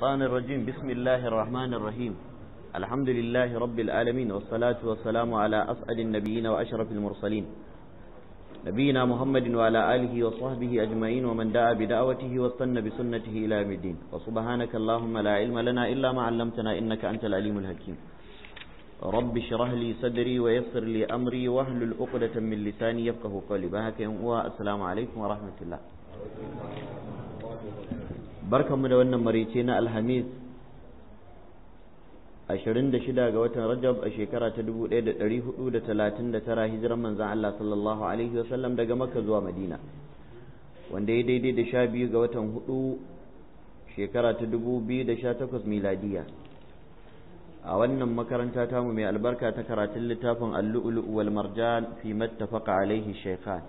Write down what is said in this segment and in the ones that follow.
الشيطان الرجيم بسم الله الرحمن الرحيم الحمد لله رب العالمين والصلاة والسلام على أسعد النبيين وأشرف المرسلين نبينا محمد وعلى آله وصحبه أجمعين ومن دعا بدعوته واستنى بسنته إلى يوم الدين وسبحانك اللهم لا علم لنا إلا ما علمتنا إنك أنت العليم الحكيم رب اشرح لي صدري ويسر لي أمري واحلل عقدة من لساني يفقه قولي بهك السلام عليكم ورحمة الله barkanmu da wannan marice na alhamis 26 ga watan rajab a shekara ta 1439 hijiran manzan Allah sallallahu alaihi wasallam daga makka zuwa madina wanda ya daidai da sha biyu ga watan hudu shekara ta 2018 miladiya a wannan makaranta tamu mai albarka ta karatun littafin allu'ulu wal marjan fi mattafaqa alaihi shaykhan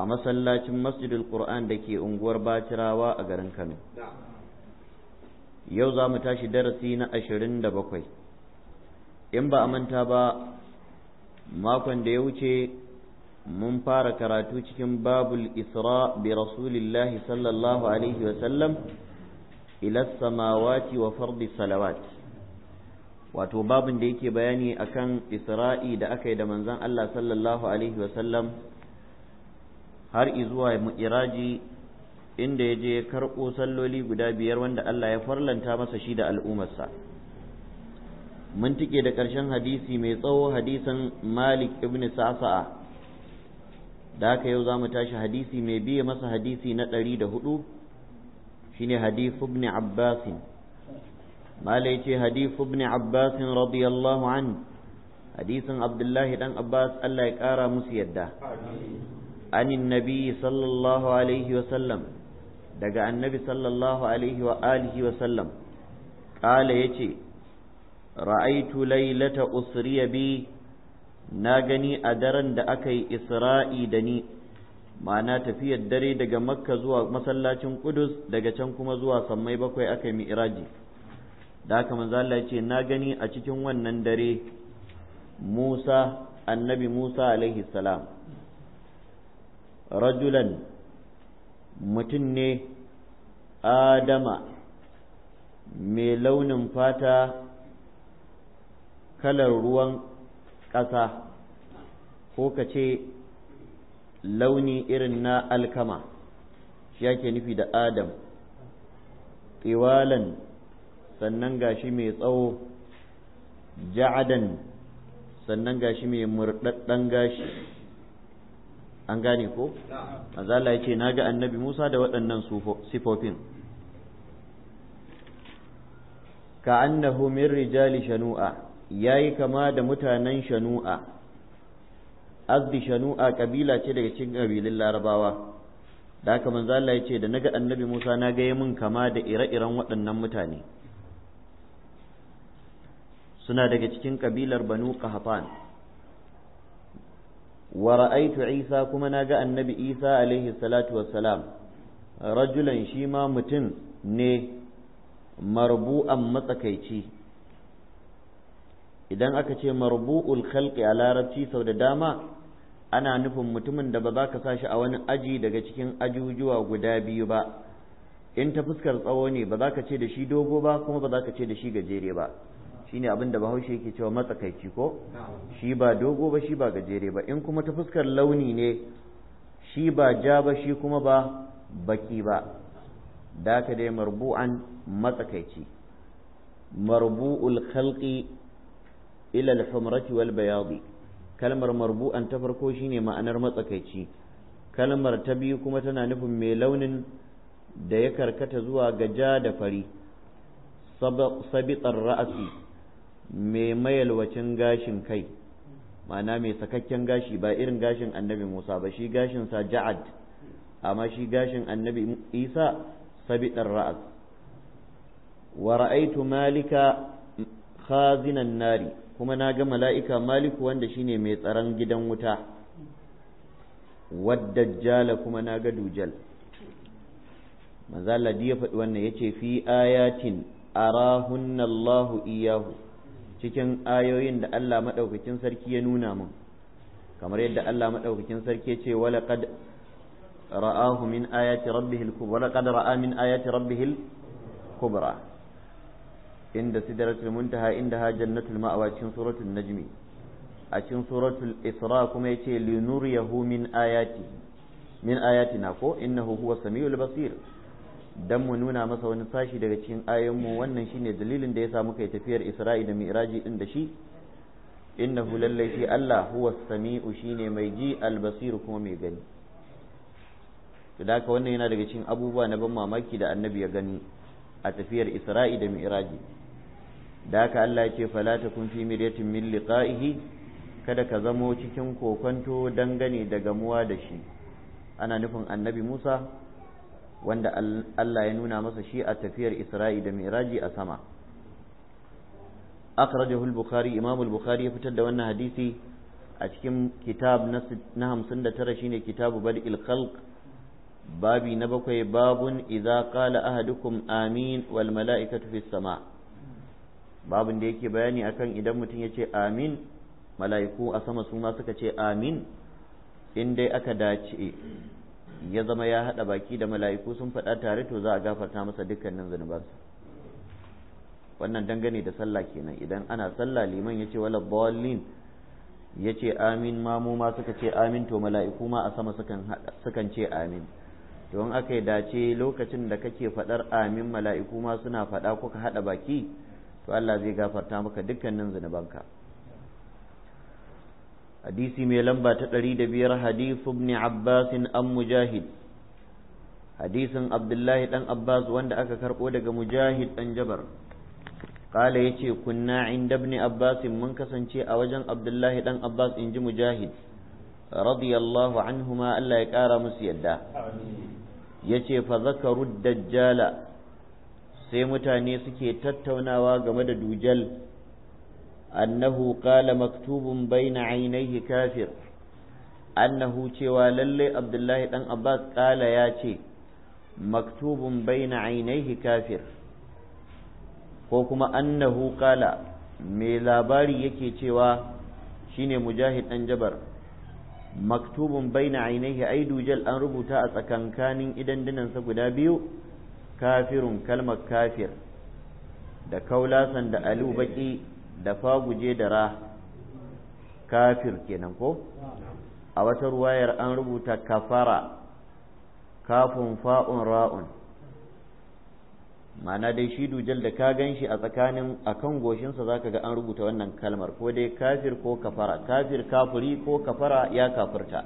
a masallacin masjidul qur'an da ke unguwar bacirawa a garin kano yau za mu tashi darasi na ashirin da bakwai in ba a manta ba makon da ya wuce mun fara karatu cikin babul isra bi rasulillahi sallallahu alaihi wasallam ila samawati wa fardi salawat wato babin da yake bayani akan isra'i da aka yi da manzon Allah sallallahu alaihi wasallam har izuwa mu'iraji inda ya je ya karɓo salloli guda biyar wanda Allah ya farlanta masa shi da al'ummarsa mun tike da ƙarshen hadisi mai tsawo hadisin Malik ibn Sa'sa'a da haka yau za mu tashi hadisi mai biye masa hadisi na ɗari da hudu shine hadisu ibn Abbas malai ce hadisu ibn Abbas radiyallahu an hadisin Abdullahi dan Abbas Allah ya ƙara musu yadda عن النبي صلى الله عليه وسلم دقى النبي صلى الله عليه وآله وسلم قال يتي رأيت ليلة أسري بي ناغني أدرا دأكي إسرائي دني ma'ana tafiyar dare daga makka zuwa masallacin kudus daga can kuma zuwa sammai bakwai aka yi mi'iraji da haka manzo na gani a cikin wannan dare Musa annabi Musa alaihi salam rajulan mutum ne adama mai launin fata kalar ruwan ƙasa ko ka ce launi irin na alkama shi ake nufi da adam iwalan sannan gashi mai tsawo ja'adan sannan gashi mai murɗaɗɗen gashi an gane ko azala ya ce na ga annabi musa da waɗannan sifofin ka annahu min rijali shanu'a yayi kama da mutanen shanu'a azdi shanu'a kabila ce daga cikin kabilun larabawa da haka manzo ya ce da naga annabi Musa na ga min kama da ire-iren waɗannan mutane suna daga cikin kabilar Banu Qahfan wa ra'aitu isa kuma na ga annabi isa alaihi salatu salam, rajulan shi ma mutum ne marbu'an matsakaici idan aka ce marbu'ul khalqi a larabci sau da dama ana nufin mutumin da ba za ka sashi a wani aji daga cikin ajujuwa guda biyu ba in ta fuskar tsawo ne ba za ka ce da shi dogo ba kuma ba za ka ce da shi gajere ba shine abin da bahaushe ke cewa matsakaici ko shi ba dogo ba shi ba gajere ba in kuma ta fuskar launi ne shi ba ja ba shi kuma ba baki ba da ka dai marbu'an matsakaici marbu'ul khalqi ila al-humrati wal bayadi kalmar marbu'an ta farko shine ma'anar matsakaici kalmar ta biyu kuma tana nufin mai launin da ya karkata zuwa ga ja da fari sabitar ra'asi mai mayalwacin gashin kai ma'ana mai sakakken gashi ba irin gashin annabi musa ba shi gashin sa ja'ad amma shi gashin annabi isa sabiɗar ra'as wa ra'aitu malika khazinan nari kuma na ga mala'ika maliku wanda shine mai tsaron gidan wuta Jala kuma na ga dujal manzo ya faɗi wannan yace fi ayatin arahunnallahu iyahu cikin ayoyin da Allah madaukakin sarki ya nuna mun kamar yadda Allah madaukakin sarki ce walaqad ra'ahu min ayati rabbih al-kubra laqad ra'a min ayati rabbih al-kubra inda sidratul muntaha inda ha jannatul ma'wa cikin suratul najmi a cikin suratul isra kuma yace linuriyahu min ayati min ayatina ko innahu huwa samiul basir dan mu nuna masa wani sashi daga cikin ayoyinmu wannan shine dalilin da yasa muka yi tafiyar Isra'i da Mi'raji din da shi innahu lallai shi Allah huwa sami'u shine mai ji al-basir kuma mai gani da haka wannan yana daga cikin abubuwa na ban mamaki da annabi ya gani a tafiyar Isra'i da Mi'raji da haka Allah ya ce fala takun fi miryatin min liqa'ihi kada ka zamo cikin kokonto dangane da gamuwa da shi ana nufin annabi Musa wanda Allah ya nuna masa shi a tafiyar Isra'i da Miraji a sama akhrajahu al-Bukhari Imam al ya fitar da wannan hadisi a cikin kitab na hamsin da tara shine kitabu bad'il khalq babi na bakwai babun idza qala ahadukum amin wal mala'ikatu fis sama babun da yake bayani akan idan mutum ya ce amin mala'iku a sama su ma suka ce amin in dai aka dace ya zama ya haɗa baki da mala'iku sun faɗa tare to za a gafarta masa dukkanin zunubansa wannan dangane da sallah kenan idan ana sallah liman yace wala ya yace amin mamu ma suka ce amin to mala'iku ma a sama sukan sukan ce amin to in aka dace lokacin da kake faɗar amin mala'iku ma suna faɗa kuka haɗa baki to Allah zai gafarta maka dukkanin zunubanka hadisi mai lamba ta ɗari da biyar hadisu ibn abbasin an mujahid hadisin abdullahi ɗan abbas wanda aka karɓo daga mujahid ɗan jabar ƙala ya ce kunna inda ibn abbasin mun kasance a wajen abdullahi ɗan abbas in ji mujahid radiyallahu anhuma allah ya ƙara musu yadda ya ce fa zakaru dajjala sai mutane suke tattaunawa game da dujal annahu qala maktubun bayna aynayhi kafir annahu cewa lallai Abdullahi dan Abbas qala ya ce, Maktubun baina aynayhi kafir, ko kuma annahu qala mai labari yake cewa shine mujahid dan jabar, maktubun baina aynayhi ai dujal an rubuta a tsakankanin idan dinan sa guda biyu, kafirun kalmar kafir, da kaulasan da alu baƙi da faguje da ra kafir kenan ko a wata ruwayar an rubuta kafara kafin fa'un ra'un Mana dai shi dujal da ka ganshi a tsakanin akan goshinsa za ka ga an rubuta wannan kalmar ko dai kafir ko kafara kafir kafuri ko kafara ya kafirta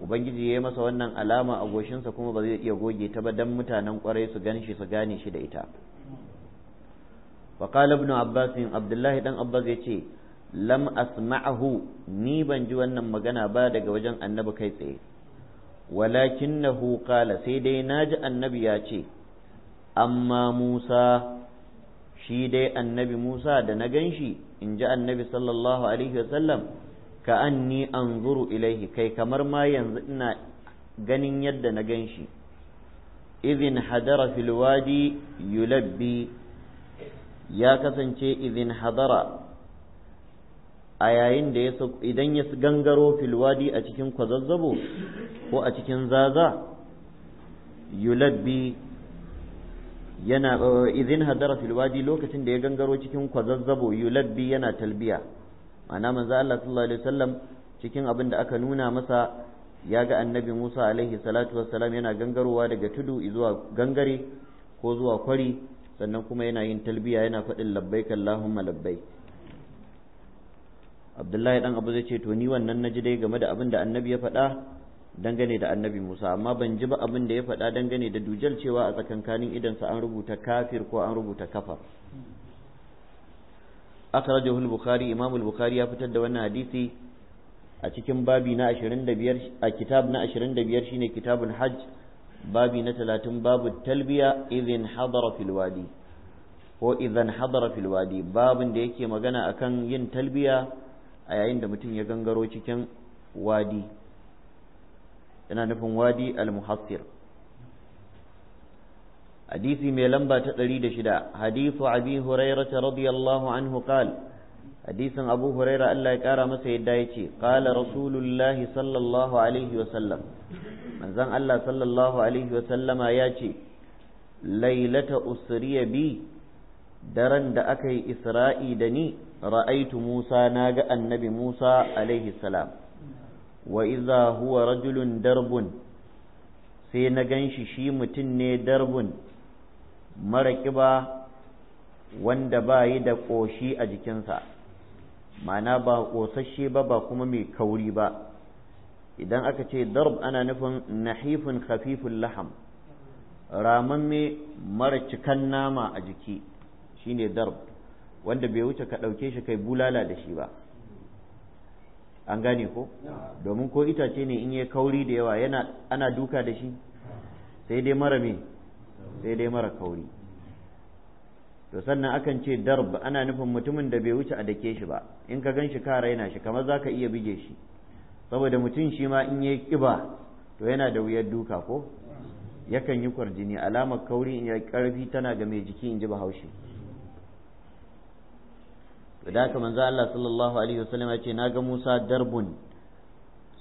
ubangiji ya yi masa wannan alama a goshinsa kuma ba zai iya goge ta ba don mutanen kwarai su ganshi su gane shi da ita wa qala ibn abbas abdullahi dan abbas yace lam asma'ahu ni ban ji wannan magana ba daga wajen annabi kai tsaye walakinnahu qala sai dai naji annabi ya ce amma Musa shi dai annabi Musa da na ganshi in ji annabi sallallahu alaihi wasallam ka anni anzuru ilaihi kai kamar ma yanzu ina ganin yadda na ganshi idin hadara fil wadi yulabbi ya kasance izin hadara a yayin da idan ya gangaro filwadi a cikin kwazazzabo ko a cikin zaza yulabbi yana uh, izin hadara filwadi lokacin da ya gangaro cikin kwazazzabo yulabbi yana talbiya ma'ana manzo Allah sallallahu alaihi wasallam cikin abin da aka nuna masa ya ga annabi Musa alaihi salatu wassalam yana gangarowa daga tudu zuwa gangare ko zuwa kwari sannan kuma yana yin talbiya yana faɗin labbai kallahun labbai Abdullahi dan Abu zai ce to ni wannan ji dai game da abin da Annabi ya faɗa dangane da Annabi Musa amma ban ji ba abin da ya faɗa dangane da dujal cewa a tsakankanin idansa an rubuta kafir ko an rubuta kafa akhrajahu al-bukhari imam al-bukhari ya fitar da wannan hadisi a cikin babi na 25 a kitab na 25 shine kitabun hajj babi na talatin babu talbiya idin hadara ko idan hadara fil wadi babin da yake magana akan yin talbiya a yayin da mutum ya gangaro cikin wadi yana nufin wadi al-muhassir hadisi mai lamba ta 106 hadisu abi hurairah radiyallahu anhu qala hadisin abu huraira Allah ya ƙara masa yadda ya ce qala rasulullahi sallallahu alaihi wa sallam manzon Allah sallallahu alaihi wa sallama ya ce lailata usriya bi daren da aka yi isra'i da ni ra'aitu musa na ga annabi musa alaihi salam wa iza rajulun darbun sai na ganshi shi mutum ne darbun mara ƙiba wanda ba yi da ƙoshi a jikinsa ma'ana ba ƙosashe ba ba kuma mai kauri ba idan aka ce darb ana nufin nahifin khafifun laham mai mara cikan nama a jiki shine darb wanda bai wuce ka ɗauke shi kai bulala da shi ba an gane ko domin ko itace ne in ya kauri da yawa yana ana duka da shi sai dai mara mai sai dai mara kauri to sannan akan ce darb ana nufin mutumin da bai wuce a dake shi ba in ka ganshi ka raina shi kamar zaka iya bige shi saboda mutum shi ma in yayi kiba to yana da wuyar duka ko yakan yi kwarjini alamar kauri in ya karfi tana ga mai jiki in ji bahaushe to da haka manzo Allah sallallahu alaihi wasallam ya ce na ga Musa darbun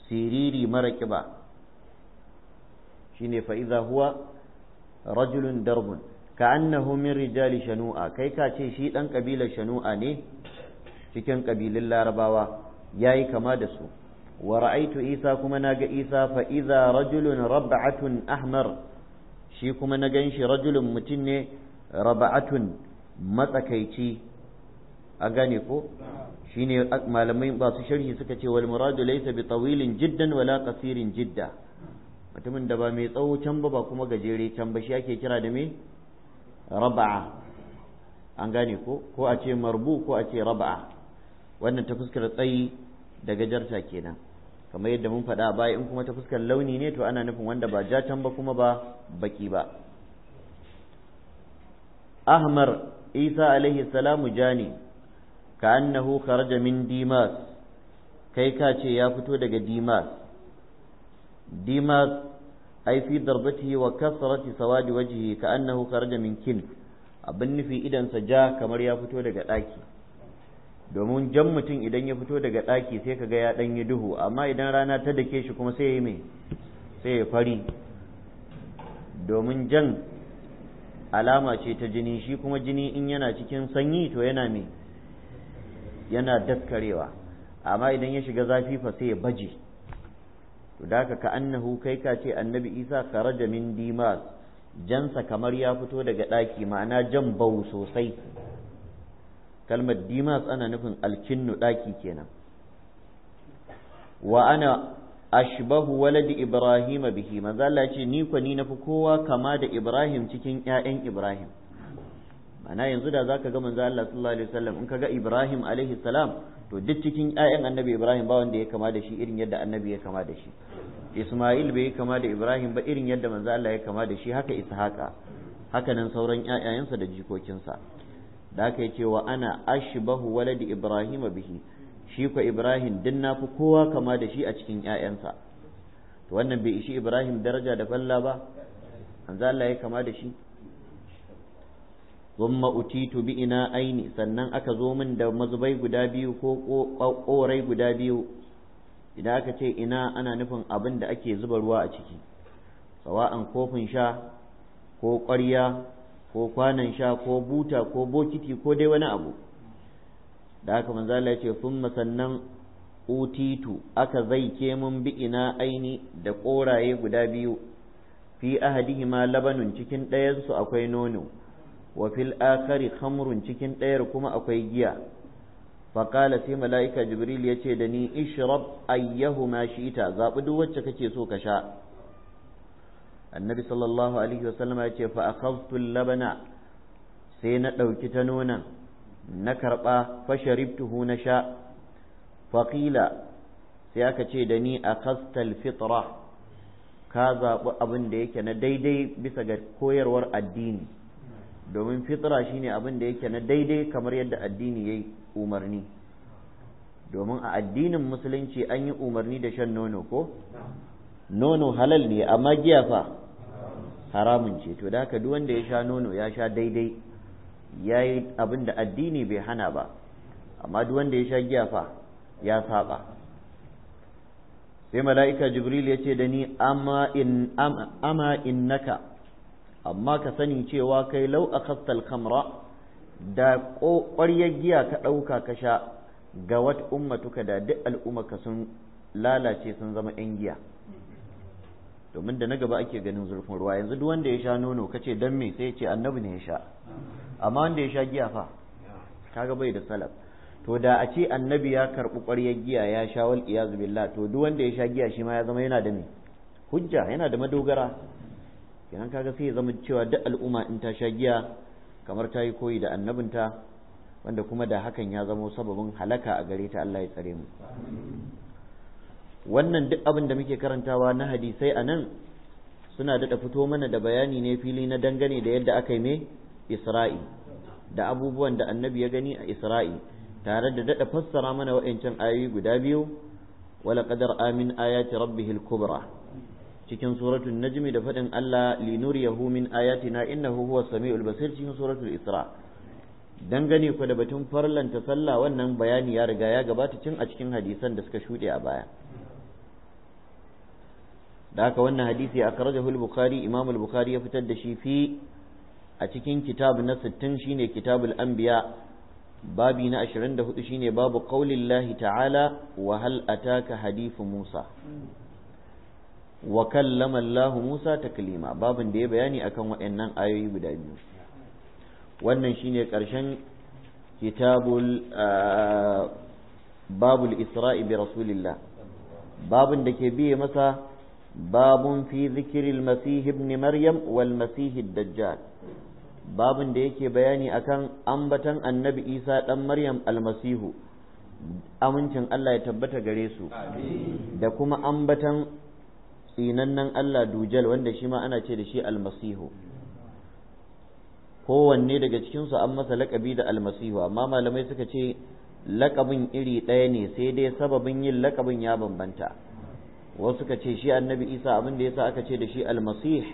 siriri mara kiba shine fa idza huwa rajulun darbun ka annahu min rijali shanu'a kai ka ce shi dan kabilar shanu'a ne cikin kabilun larabawa yayi kama da su wa isa kuma naga isa fa idza rajulun rab'atun ahmar shi kuma na ganshi rajulun mutum ne rab'atun matsakaici a gane ko ne malamai ba su sharhi suka ce wal muradu laysa bi tawilin jiddan wala qasirin jidda mutumin da ba mai tsawo can ba ba kuma gajere can ba shi ake kira da me raba'a an gane ko ko a ce marbu ko a ce raba'a wannan ta fuskar tsayi daga jarta kenan kamar yadda mun faɗa baya in kuma ta fuskar launi ne to ana nufin wanda ba jatan ba kuma ba baki ba ahmar isa alaihi salamu jani ka annahu kharaja min dimas kai ka ce ya fito daga dimas dimas ai fi darbatihi wa kasrati sawadi wajhihi annahu kharaja min kin abin nufi idansa ja kamar ya fito daga daki, domin jan mutum idan ya fito daga daki sai ka ga ya ɗan yi duhu amma idan rana ta dake shi kuma sai ya mai sai ya fari domin jan alama ce ta jini shi kuma jini in yana cikin sanyi to yana mai yana daskarewa amma idan ya shiga zafi fa sai ya baje to da ka ka annahu kai ka ce annabi isa kharaja min dimas jansa kamar ya fito daga ɗaki ma'ana jan bau sosai kalmar dimas ana nufin alkinnu ɗaki kenan wa ana ashbahu waladi ibrahim bihi manzo Allah ce ni ko ni nafi kowa kama da ibrahim cikin ƴaƴan ibrahim ma'ana yanzu da zaka ga manzo Allah sallallahu alaihi wasallam in kaga ibrahim alaihi salam to duk cikin ƴaƴan annabi ibrahim ba wanda ya kama da shi irin yadda annabi ya kama da shi isma'il bai kama da ibrahim ba irin yadda manzo Allah ya kama da shi haka ishaqa haka nan sauran ƴaƴayensa da jikokinsa da aka yi cewa ana ashbahu waladi ibrahim bihi shi ko ibrahim din nafi kowa kama da shi a cikin ƴaƴansa to wannan bai ishi ibrahim daraja da falla ba manzo Allah ya kama da shi thumma utitu bi ina aini sannan aka zo min da mazubai guda biyu ko korai guda biyu idan aka ce ina ana nufin abin da ake zuba ruwa a ciki sawa'an kofin sha ko ƙwarya ko kwanon sha ko buta ko bokiti ko dai wani abu da haka manzala ya ce thumma sannan utitu aka zai ke mun bi ina aini da koraye guda biyu fi ma labanun cikin ɗayansu akwai nono wa fil akhari khamrun cikin ɗayar kuma akwai giya faƙala sai mala'ika jibril ya ce da ni ishrab ayyahu ma shi'ita zaɓi duk wacce kake so ka sha annabi sallallahu alaihi wasallama ya ce fa akhadtu labana sai na ɗauki ta nonon na karɓa fa sharibtuhu na sha faƙila sai aka ce da ni akhadta alfitra ka zaɓi abin da yake na daidai bisa ga koyarwar addini domin fitra shine abin da yake na daidai kamar yadda addini ya yi umarni domin a addinin musulunci an yi umarni da shan nono ko nono halal ne amma giya fa haramun ce to da haka duk wanda ya sha nono ya sha daidai ya yi abin da addini bai hana ba amma duk ya sha giya fa ya saba sai mala'ika jibril ya ce da ni amma innaka amma ka sani cewa kai lau a kastal kamra da ƙwaryar giya ka ɗauka ka sha ga wata ummatuka da duk ka sun lalace sun zama 'yan giya domin da na gaba ake ganin zurfin ruwa yanzu duk wanda ya sha nono kace don me sai ce annabi ne ya sha amma wanda ya sha giya fa kaga bai da salaf to da a ce annabi ya karɓi ƙwaryar giya ya sha wal iyaz billah to duk wanda ya sha giya shi ma ya zama yana da me hujja yana da madogara kenan kaga sai ya zama cewa duk al'umma in ta sha giya kamar ta yi koyi da annabinta wanda kuma da hakan ya zama sababin halaka a gare ta Allah ya tsare mu wannan duk abin da muke karantawa na hadisai a nan suna daɗa fito mana da bayani ne fili na dangane da yadda aka yi me isra'i da abubuwan da annabi ya gani a isra'i tare da daɗa fassara mana wa'yancan ayoyi guda biyu wala qadar amin ayati rabbihil kubra cikin suratul najmi da faɗin Allah linuriyahu min ayatina innahu huwa samiul basir cikin suratul isra dangane ku da batun farlanta sallah wannan bayani ya riga ya gabata cin a cikin hadisan da suka shuɗe a baya da haka wannan hadisi akrajahu al-bukhari imam al-bukhari ya fitar da shi fi a cikin kitab na 60 shine kitabul anbiya babi na 24 shine babu qaulillahi ta'ala wa hal ataka hadithu musa wa kallama Allah Musa taklima babin da ya bayani akan waɗannan ayoyi guda biyu wannan shine karshen kitabul babul isra'i bi rasulillah babin da ke biye masa babun fi zikiril masih ibn maryam wal masih dajjal babin da yake bayani akan ambatan annabi isa dan maryam almasihu amincin Allah ya tabbata gare su da kuma ambatan tsinannan Allah dujal wanda shi ma ana ce da shi almasihu kowanne daga cikinsu an masa lakabi da almasihu amma malamai suka ce lakabin iri ɗaya ne sai dai sababin yin lakabin ya bambanta wasu suka ce shi annabi isa abin da ya sa aka ce da shi almasih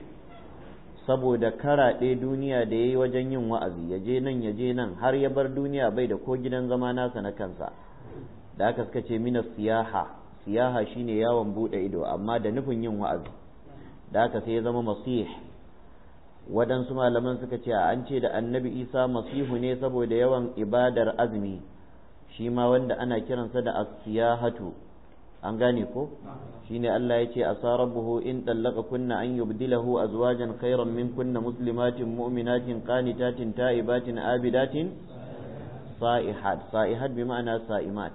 saboda karaɗe duniya da ya yi wajen yin wa'azi ya je nan ya je nan har ya bar duniya bai da ko gidan zama nasa na kansa da aka suka ce minas siyaha siyaha shine yawon bude ido amma da nufin yin wa'azi da haka sai ya zama masih wadansu malaman suka ce an ce da annabi isa masihu ne saboda yawan ibadar azmi shi ma wanda ana kiransa da asiyahatu an gane ko shine Allah ya ce asa rabbuhu in dallaka kunna an yubdilahu azwajan khairan min kunna muslimatin mu'minatin qanitatin ta'ibatin abidatin sa'ihat sa'ihat bi ma'ana sa'imat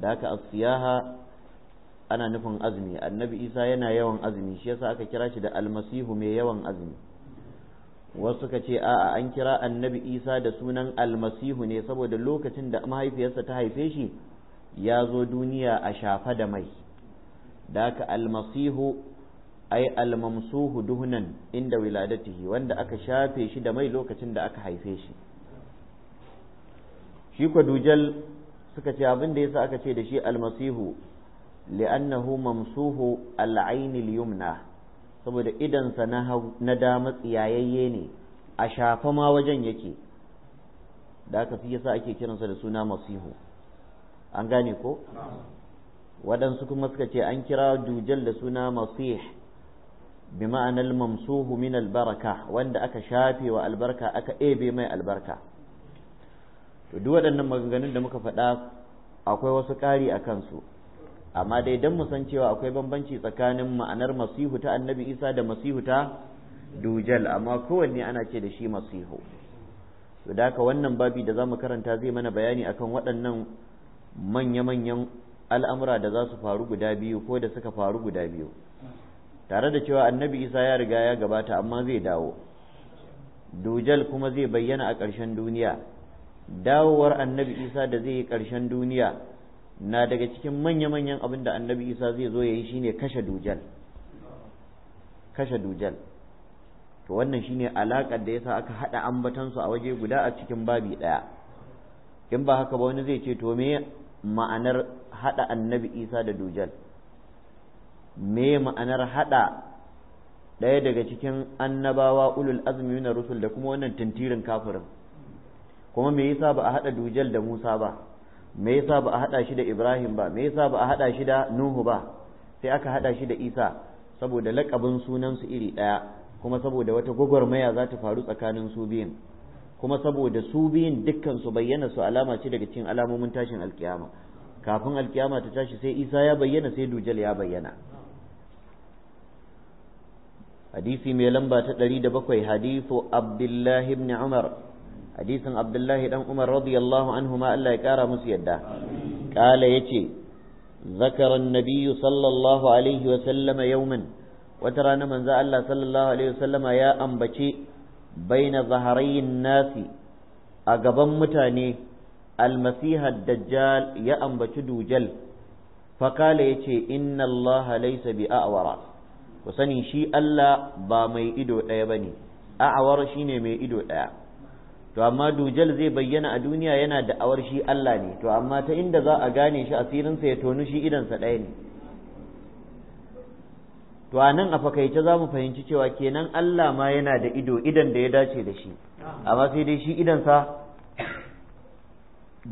da haka asiyaha ana nufin azumi annabi isa yana yawan azumi shi yasa aka kira shi da almasihu mai yawan azumi wasu ka ce a'a an kira annabi isa da sunan almasihu ne saboda lokacin da mahaifiyarsa ta haife shi ya zo duniya a shafa da mai da aka almasihu ai almamsuhu duhunan inda wiladatihi wanda aka shafe shi da mai lokacin da aka haife shi shi kwadujal dujal suka ce abin da yasa aka ce da shi almasihu li'annahu mamsuhu العين اليمنى yumna saboda idansa na na dama tsiyayayye ne a shafa ma wajen yake da aka fi yasa ake kiransa da suna masihu an gane ko waɗansu kuma suka ce an kira dujal da suna masih bi ma'anar mamsuhu min baraka wanda aka shafe wa albarka aka ebe mai albarka to duk waɗannan maganganun da muka faɗa akwai wasu ƙari a kansu amma dai don mu san cewa akwai bambanci tsakanin ma'anar masihu ta annabi isa da masihu ta dujal amma kowanne ana ce da shi masihu to da haka wannan babi da zamu karanta zai mana bayani akan waɗannan manya-manyan al'amura da za su faru guda biyu ko da suka faru guda biyu tare da cewa annabi isa ya riga ya gabata amma zai dawo dujal kuma zai bayyana a ƙarshen duniya dawowar annabi isa da zai yi ƙarshen duniya na daga cikin manya-manyan abin da annabi isa zai zo ya yi shine kashe dujal kashe dujal to wannan shine alaƙar da yasa aka haɗa ambatansu a waje guda a cikin babi ɗaya in ba haka ba wani zai ce to me ma'anar haɗa annabi isa da dujal me ma'anar haɗa ɗaya daga cikin annabawa ulul azumi na rusul da kuma wannan tuntirin kafirin kuma me yasa ba a haɗa dujal da musa ba me yasa ba a hada shi da Ibrahim ba me yasa ba a hada shi da Nuhu ba sai aka hada shi da Isa saboda lakabin sunan su iri ɗaya kuma saboda wata gwagwarmaya za ta faru tsakanin su biyun kuma saboda su biyun dukkan su bayyana su alama ce daga cikin alamomin tashin alkiyama kafin alkiyama ta tashi sai Isa ya bayyana sai Dujal ya bayyana hadisi mai lamba ta 107 hadisu Abdullahi ibn Umar hadisin abdullahi dan umar radiyallahu anhuma Allah ya kara musu yadda kala yace zakara nabiyyu sallallahu alaihi wa sallama yawman wata rana manzo Allah sallallahu alaihi wa sallama ya ambace baina zaharayin nasi a gaban mutane almasiha dajjal ya ambaci dujal fakala yace inna Allah laysa bi a'wara ku sani shi Allah ba mai ido ɗaya ba ne a'awar shi ne mai ido ɗaya to amma dujal zai bayyana a duniya yana da'awar shi Allah ne to amma ta inda za a gane shi asirinsa ya tonu shi idansa ɗaya ne to a nan a fakaice za mu fahimci cewa kenan Allah ma yana da ido idan da ya dace da shi amma sai dai shi idansa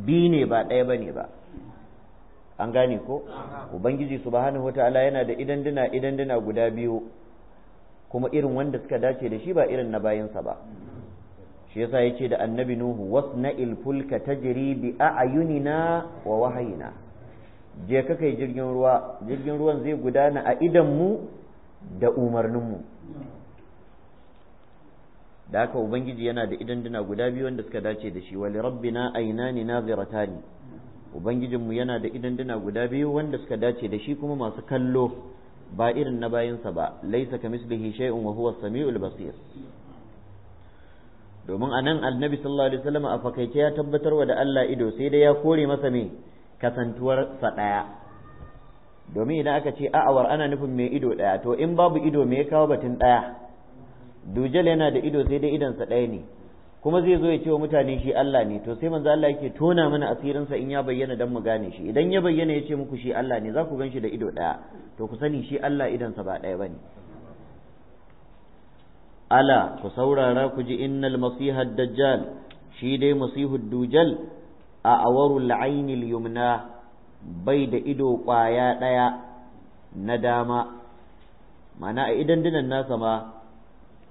bi ne ba ɗaya ba ba an gane ko ubangiji subhanahu wataala yana da idan dina idan dina guda biyu kuma irin wanda suka dace da shi ba irin na bayansa ba shi yasa ce da annabi nuhu wasna'il fulka tajri bi a'yunina wa wahayina je ka kai jirgin ruwa jirgin ruwan zai gudana a idan da umarnin mu da haka ubangiji yana da idan duna guda biyu wanda suka dace da shi wali rabbina ainani naziratani ubangijinmu yana da idan duna guda biyu wanda suka dace da shi kuma masu kallo ba irin na bayansa ba laisa ka mislihi shay'un wa huwa samiul basir domin a nan annabi sallallahu alaihi wasallam a fakaice ya tabbatarwa da Allah ido sai dai ya kore masa me kasantuwar sa daya domin idan aka ce a'awar ana nufin mai ido daya to in babu ido me ya kawo batun daya dujal yana da ido sai dai idan sa daya ne kuma zai zo ya ce wa mutane shi Allah ne to sai manzo Allah yake tona mana asirin sa in ya bayyana dan mu gane shi idan ya bayyana ya ce muku shi Allah ne za ku gan shi da ido daya to ku sani shi Allah idan sa ba daya bane ala ku saurara ku ji innal masiha dajjal shi dai masihu dujal a awarul ainil yumna bai da ido kwaya ɗaya na dama mana a idan dinan nasa ma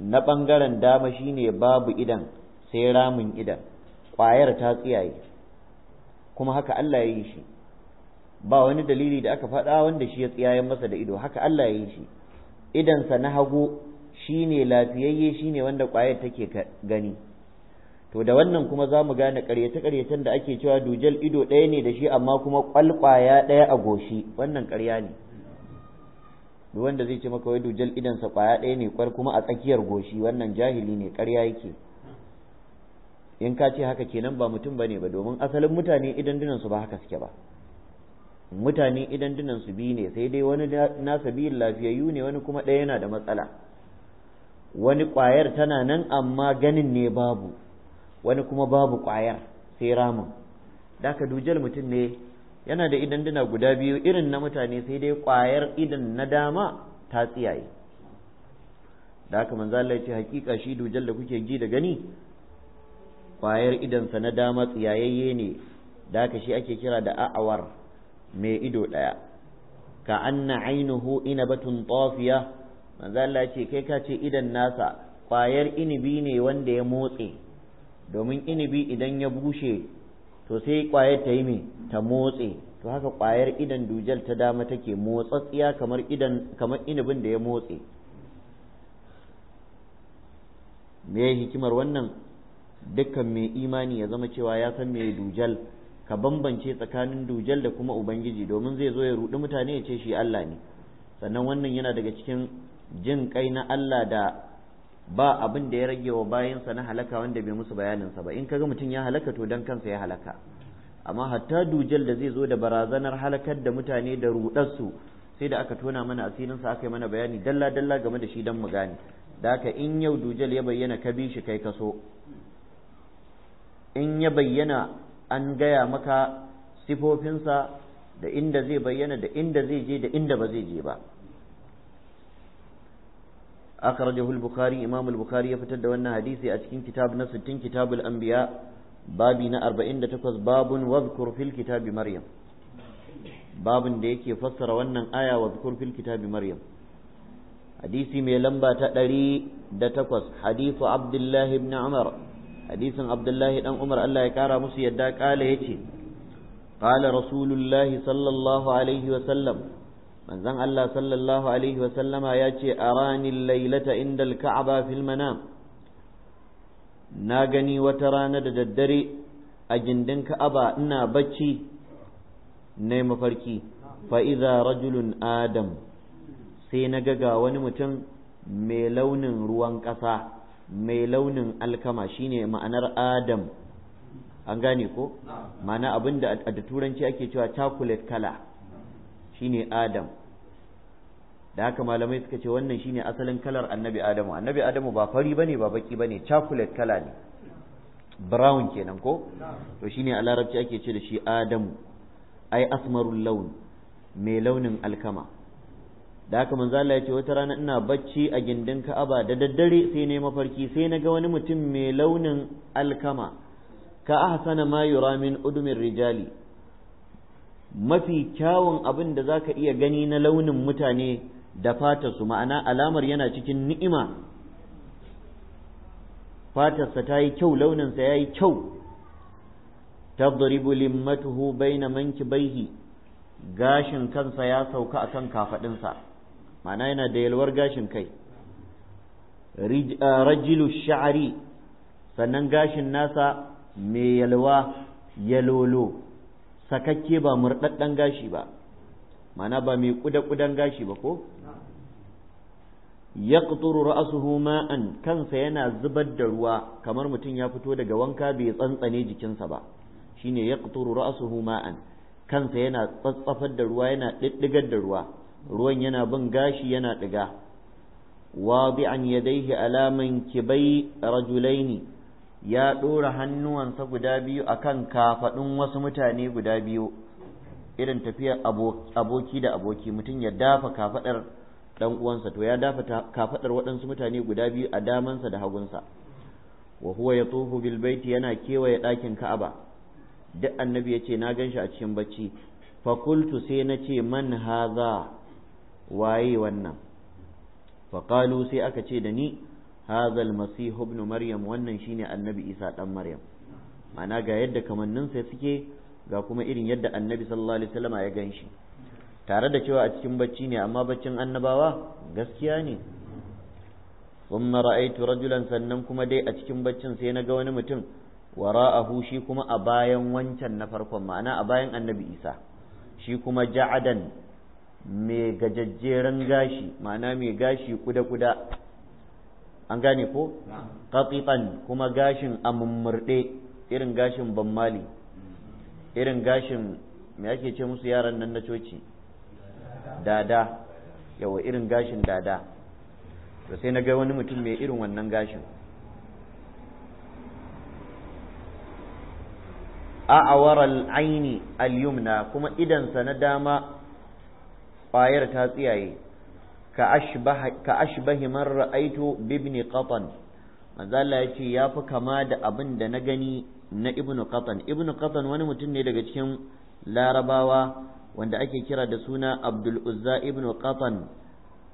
na bangaren dama shine babu idan sai ramin idan ƙwayar ta tsiyaye kuma haka Allah ya yi shi ba wani dalili da aka faɗa wanda shi ya tsiyayen masa da ido haka Allah ya yi shi idansa na hagu shine lafiyayye shine wanda ƙwayar take gani to da wannan kuma za mu gane ƙaryata ƙaryatan da ake cewa dujal ido ɗaya ne da shi amma kuma ƙwalƙwaya ɗaya a goshi wannan ƙarya ne duk wanda zai ce maka wai dujal idansa ƙwaya ɗaya ne ƙwar kuma a tsakiyar goshi wannan jahili ne ƙarya yake in ka ce haka kenan ba mutum bane ba domin asalin mutane idan dunan su ba haka suke ba mutane idan su biyu ne sai dai wani nasa biyun lafiyayyu ne wani kuma ɗaya yana da matsala wani ƙwayar tana nan amma ganin ne babu wani kuma babu ƙwayar sai ramin da ka dujal mutum ne yana da idan dina guda biyu irin na mutane sai dai ƙwayar idan na dama ta tsiyaye da ka manzo Allah ce hakika shi dujal da kuke ji da gani ƙwayar idansa na dama tsiyayayye ne da ka shi ake kira da a'awar mai ido ɗaya ka anna ainuhu inabatun tafiya manzo Allah ce kai ka ce idan nasa ƙwayar inibi ne wanda ya motse domin inibi idan ya bushe to sai ƙwayar ta yi me ta motse to haka kwayar idan dujal ta dama take motsatsiya kamar idan kamar inibin da ya motse me hikimar wannan dukkan mai imani ya zama cewa ya san mai dujal ka bambance tsakanin dujal da kuma ubangiji domin zai zo ya rudi mutane ya ce shi Allah ne sannan wannan yana daga cikin jin kai na Allah da ba abin da ya rage wa bayansa na halaka wanda bai musu bayaninsa ba in kaga mutum ya halaka to dan kansa ya halaka amma hatta dujal da zai zo da barazanar halakar da mutane da rudarsu sai da aka tona mana asirinsa aka yi mana bayani dalla dalla game da shi dan mu gane da haka in yau dujal ya bayyana ka bi shi kai ka so in ya bayyana an gaya maka sifofinsa da inda zai bayyana da inda zai je da inda ba zai je ba akhrajahu al-bukhari imam ya fitar da wannan hadisi a cikin kitab na 60 kitabul anbiya babi na 48 babun wadhkur fil maryam babin da yake fassara wannan aya wadhkur fil maryam hadisi mai lamba ta 108 hadithu abdullah ibn umar hadisin abdullahi dan umar Allah ya kara musu yadda kala yace qala rasulullahi sallallahu alaihi wa sallam manzon Allah sallallahu alaihi wa sallama ya ce a arani lailata indal ka'aba fil manam na gani wata rana da daddare a gindin ka'aba ina bacci na mafarki fa'iza rajulun adam sai na ga wani mutum mai launin ruwan ƙasa mai launin alkama shine ma'anar adam an gane ko ma'ana abin da a turanci ake cewa chocolate color shine adam da haka malamai suka ce wannan shine asalin kalar annabi adamu annabi adamu ba fari bane ba baki bane chocolate kala ne brown kenan ko to shine a larabci ake ce da shi adamu ai asmarul laun mai launin alkama da haka manzo Allah ya ce wata rana ina bacci a gindin Ka'aba da daddare sai na mafarki sai na ga wani mutum mai launin alkama ka ahsana ma yura min udumin rijali mafi kyawun abin da zaka iya gani na launin mutane da fatarsu ma'ana alamar yana cikin ni'ima fatarsa ta yi kyau launinsa ya yi kyau tadribu limmatuhu baina baihi. gashin kansa ya sauka a kan kafaɗinsa, ma'ana yana da yalwar gashin kai rajilu sha'ari sannan gashin nasa mai yalwa yalolo sakakke ba murɗaɗɗen gashi ba mana ba mai ƙudaƙudan gashi ba ko ya ra'asuhu ma'an kansa yana zubar da ruwa kamar mutum ya fito daga wanka bai tsantsane jikinsa ba shine ya ra'asuhu ma'an kansa yana tsatsafar da ruwa yana ɗiɗɗigar da ruwa ruwan yana bin gashi yana ɗiga wadi'an yadaihi alaman kibai rajulaini ya ɗora hannuwansa guda biyu a kan kafaɗin wasu mutane guda biyu irin tafiyar aboki da aboki mutum ya dafa kafaɗar ɗan uwansa to ya dafa kafaɗar waɗansu mutane guda biyu a damansa da hagunsa wa huwa ya tsohu bilbaiti yana kewaye ɗakin ka'aba duk annabi ya ce na gan shi a cikin bacci fakultu sai na ce man haza waye wannan faƙalu sai aka ce da ni هذا المسيح ابن مريم wannan shine annabi Isa dan Maryam ma'ana ga yadda kamannin sa suke ga kuma irin yadda annabi sallallahu alaihi wasallam ya ganshi tare da cewa a cikin bacci ne amma baccin annabawa gaskiya ne thumma ra'aytu rajulan sannan kuma dai a cikin baccin sai naga wani mutum wara'ahu shi kuma a bayan wancan na farkon ma'ana a bayan annabi Isa shi kuma ja'adan mai gajajjeren gashi ma'ana mai gashi kuda-kuda an gane ko Kafifan. kuma gashin a mummurde irin gashin bammali irin gashin me ake ce musu yaran nan na coci dada yawa irin gashin dada to sai na ga wani mutum mai irin wannan gashin a'awar aini al-yumna kuma idansa na dama ƙwayar ta tsiyaye ka ashbahi man ra'aitu bibni qatan ya ce yafi kama da abin da na gani na ibnu qatan ibnu qatan wani mutum ne daga cikin larabawa wanda ake kira da suna Abdul Uzza ibn Qatan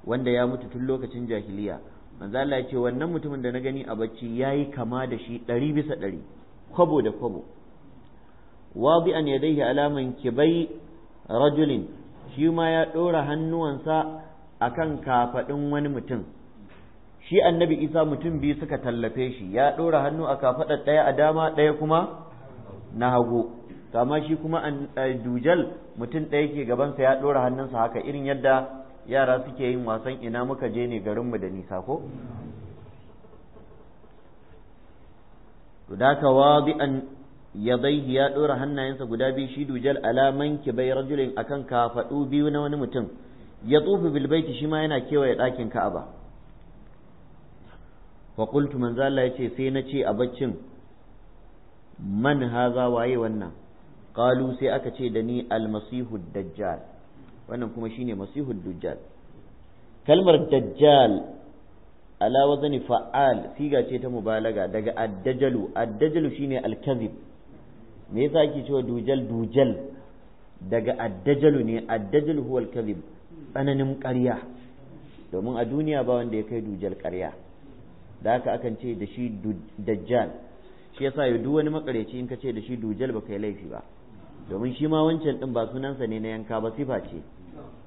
wanda ya mutu tun lokacin jahiliya manzo ya ce wannan mutumin da na gani a bacci yayi kama da shi ɗari bisa ɗari kwabo da kwabo ya yadaihi alaman kibai rajulin shi ma ya ɗora hannuwansa akan kafaɗin wani mutum shi annabi isa mutum biyu suka tallafe shi ya ɗora hannu a kafaɗar ɗaya a dama ɗaya kuma na hagu kama shi kuma dujal mutum ɗaya ke gabansa ya ɗora hannunsa haka irin yadda yara suke yin wasan ina muka je ne garinmu da nisa ko da ka an yadaihi ya ɗora hannayensa guda biyu shi dujal alaman ki rajulin akan kafaɗu biyu na wani mutum ya tsufi bilbaiti shi ma yana kewaye ɗakin ka'aba wa qultu manzo Allah yace sai na ce a baccin man haza waye wannan qalu sai aka ce da ni almasihu dajjal wannan kuma shine masihu dajjal kalmar dajjal ala wazani fa'al siga ce ta mubalaga daga addajalu addajalu shine alkazib me yasa ake cewa dujal dujal daga addajalu ne addajalu huwa alkazib tsananin ƙarya domin a duniya ba wanda ya kai dujal ƙarya da haka akan ce da shi dajjal shi yasa ya duk wani makareci in ka ce da shi dujal ba kai laifi ba domin shi ma wancan din ba sunansa ne na yanka ba sifa ce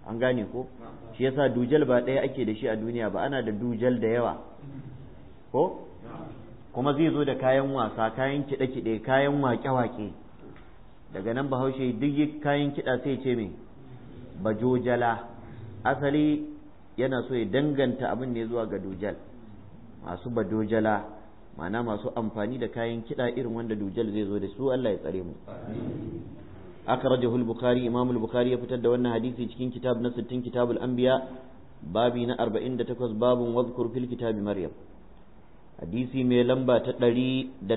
an gane ko shi yasa dujal ba ɗaya ake da shi a duniya ba ana da dujal da yawa ko kuma zai zo da kayan wasa kayan kiɗe-kiɗe kayan waƙe-waƙe daga nan bahaushe duk kayan kiɗa sai ce me bajojala asali yana so ya danganta abin ne zuwa ga dujal masu badojala ma'ana masu amfani da kayan kiɗa irin wanda dujal zai zo da su Allah ya tsare mu akhrajahu al-bukhari imam al-bukhari ya fitar da wannan hadisi cikin kitab na 60 kitabul anbiya babi na 48 babun wadhkur fil kitabi maryam hadisi mai lamba ta 109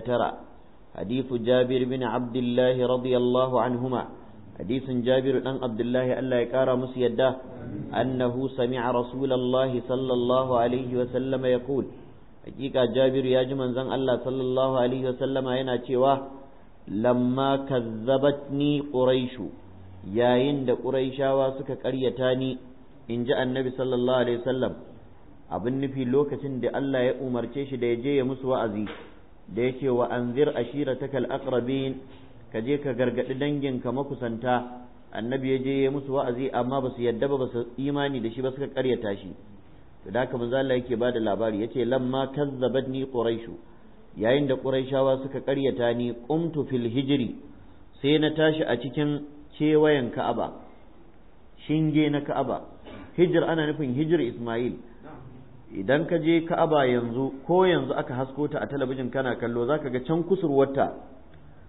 hadithu jabir bin abdullahi radiyallahu anhuma hadisin jabiru dan abdullahi Allah ya kara musu yadda annahu sami'a rasulullahi sallallahu alaihi wa sallama yaqul hakika jabiru ya ji manzon Allah sallallahu alaihi wa sallama yana cewa lamma ni ƙura'ishu yayin da quraishawa suka karyata ni in ji annabi sallallahu alaihi wasallam abin nufi lokacin da Allah ya umarce shi da ya je ya musu wa'azi da ya ce wa anzir ashiratakal aqrabin ka je ka gargaɗi danginka makusanta annabi ya je ya musu wa'azi amma ba su yadda ba su imani da shi ba suka karyata shi to da haka manzo Allah yake ba da labari yace lamma kazzabatni quraishu yayin da quraishawa suka karyata ni qumtu fil hijri sai na tashi a cikin kewayen ka'aba shinge na ka'aba hijir ana nufin hijir isma'il idan ka je ka'aba yanzu ko yanzu aka haskota a talabijin kana kallo zaka ga can kusurwarta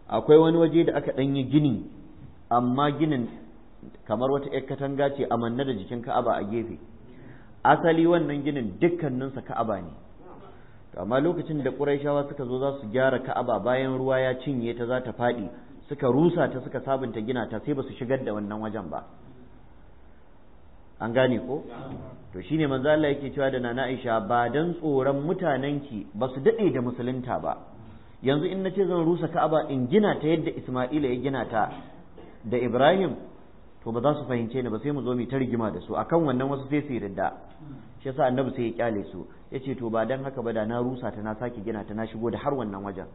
akwai wani waje da aka ɗanyi gini amma ginin kamar wata ‘yar katanga ce a manna da jikin ka'aba a gefe asali wannan ginin dukkaninsa ka'aba ne amma lokacin da ƙuraishawa suka zo za su gyara ka'aba bayan ruwa ya cinye ta za ta faɗi suka rusa ta suka sabunta gina ta sai ba su shigar da wannan wajen ba an gane ko to shine manzo Allah yake cewa da nana Aisha ba dan tsoron mutanenki ba su daɗe da musulunta ba yanzu in na ce zan rusa Ka'aba in gina ta yadda Isma'ila ya gina ta da Ibrahim to ba za su fahimce ni ba sai mu zo mu ta rigima da su akan wannan wasu sai su yarda shi yasa annabi sai ya kyale su yace to ba dan haka ba da na rusa ta na sake gina ta na shigo da har wannan wajen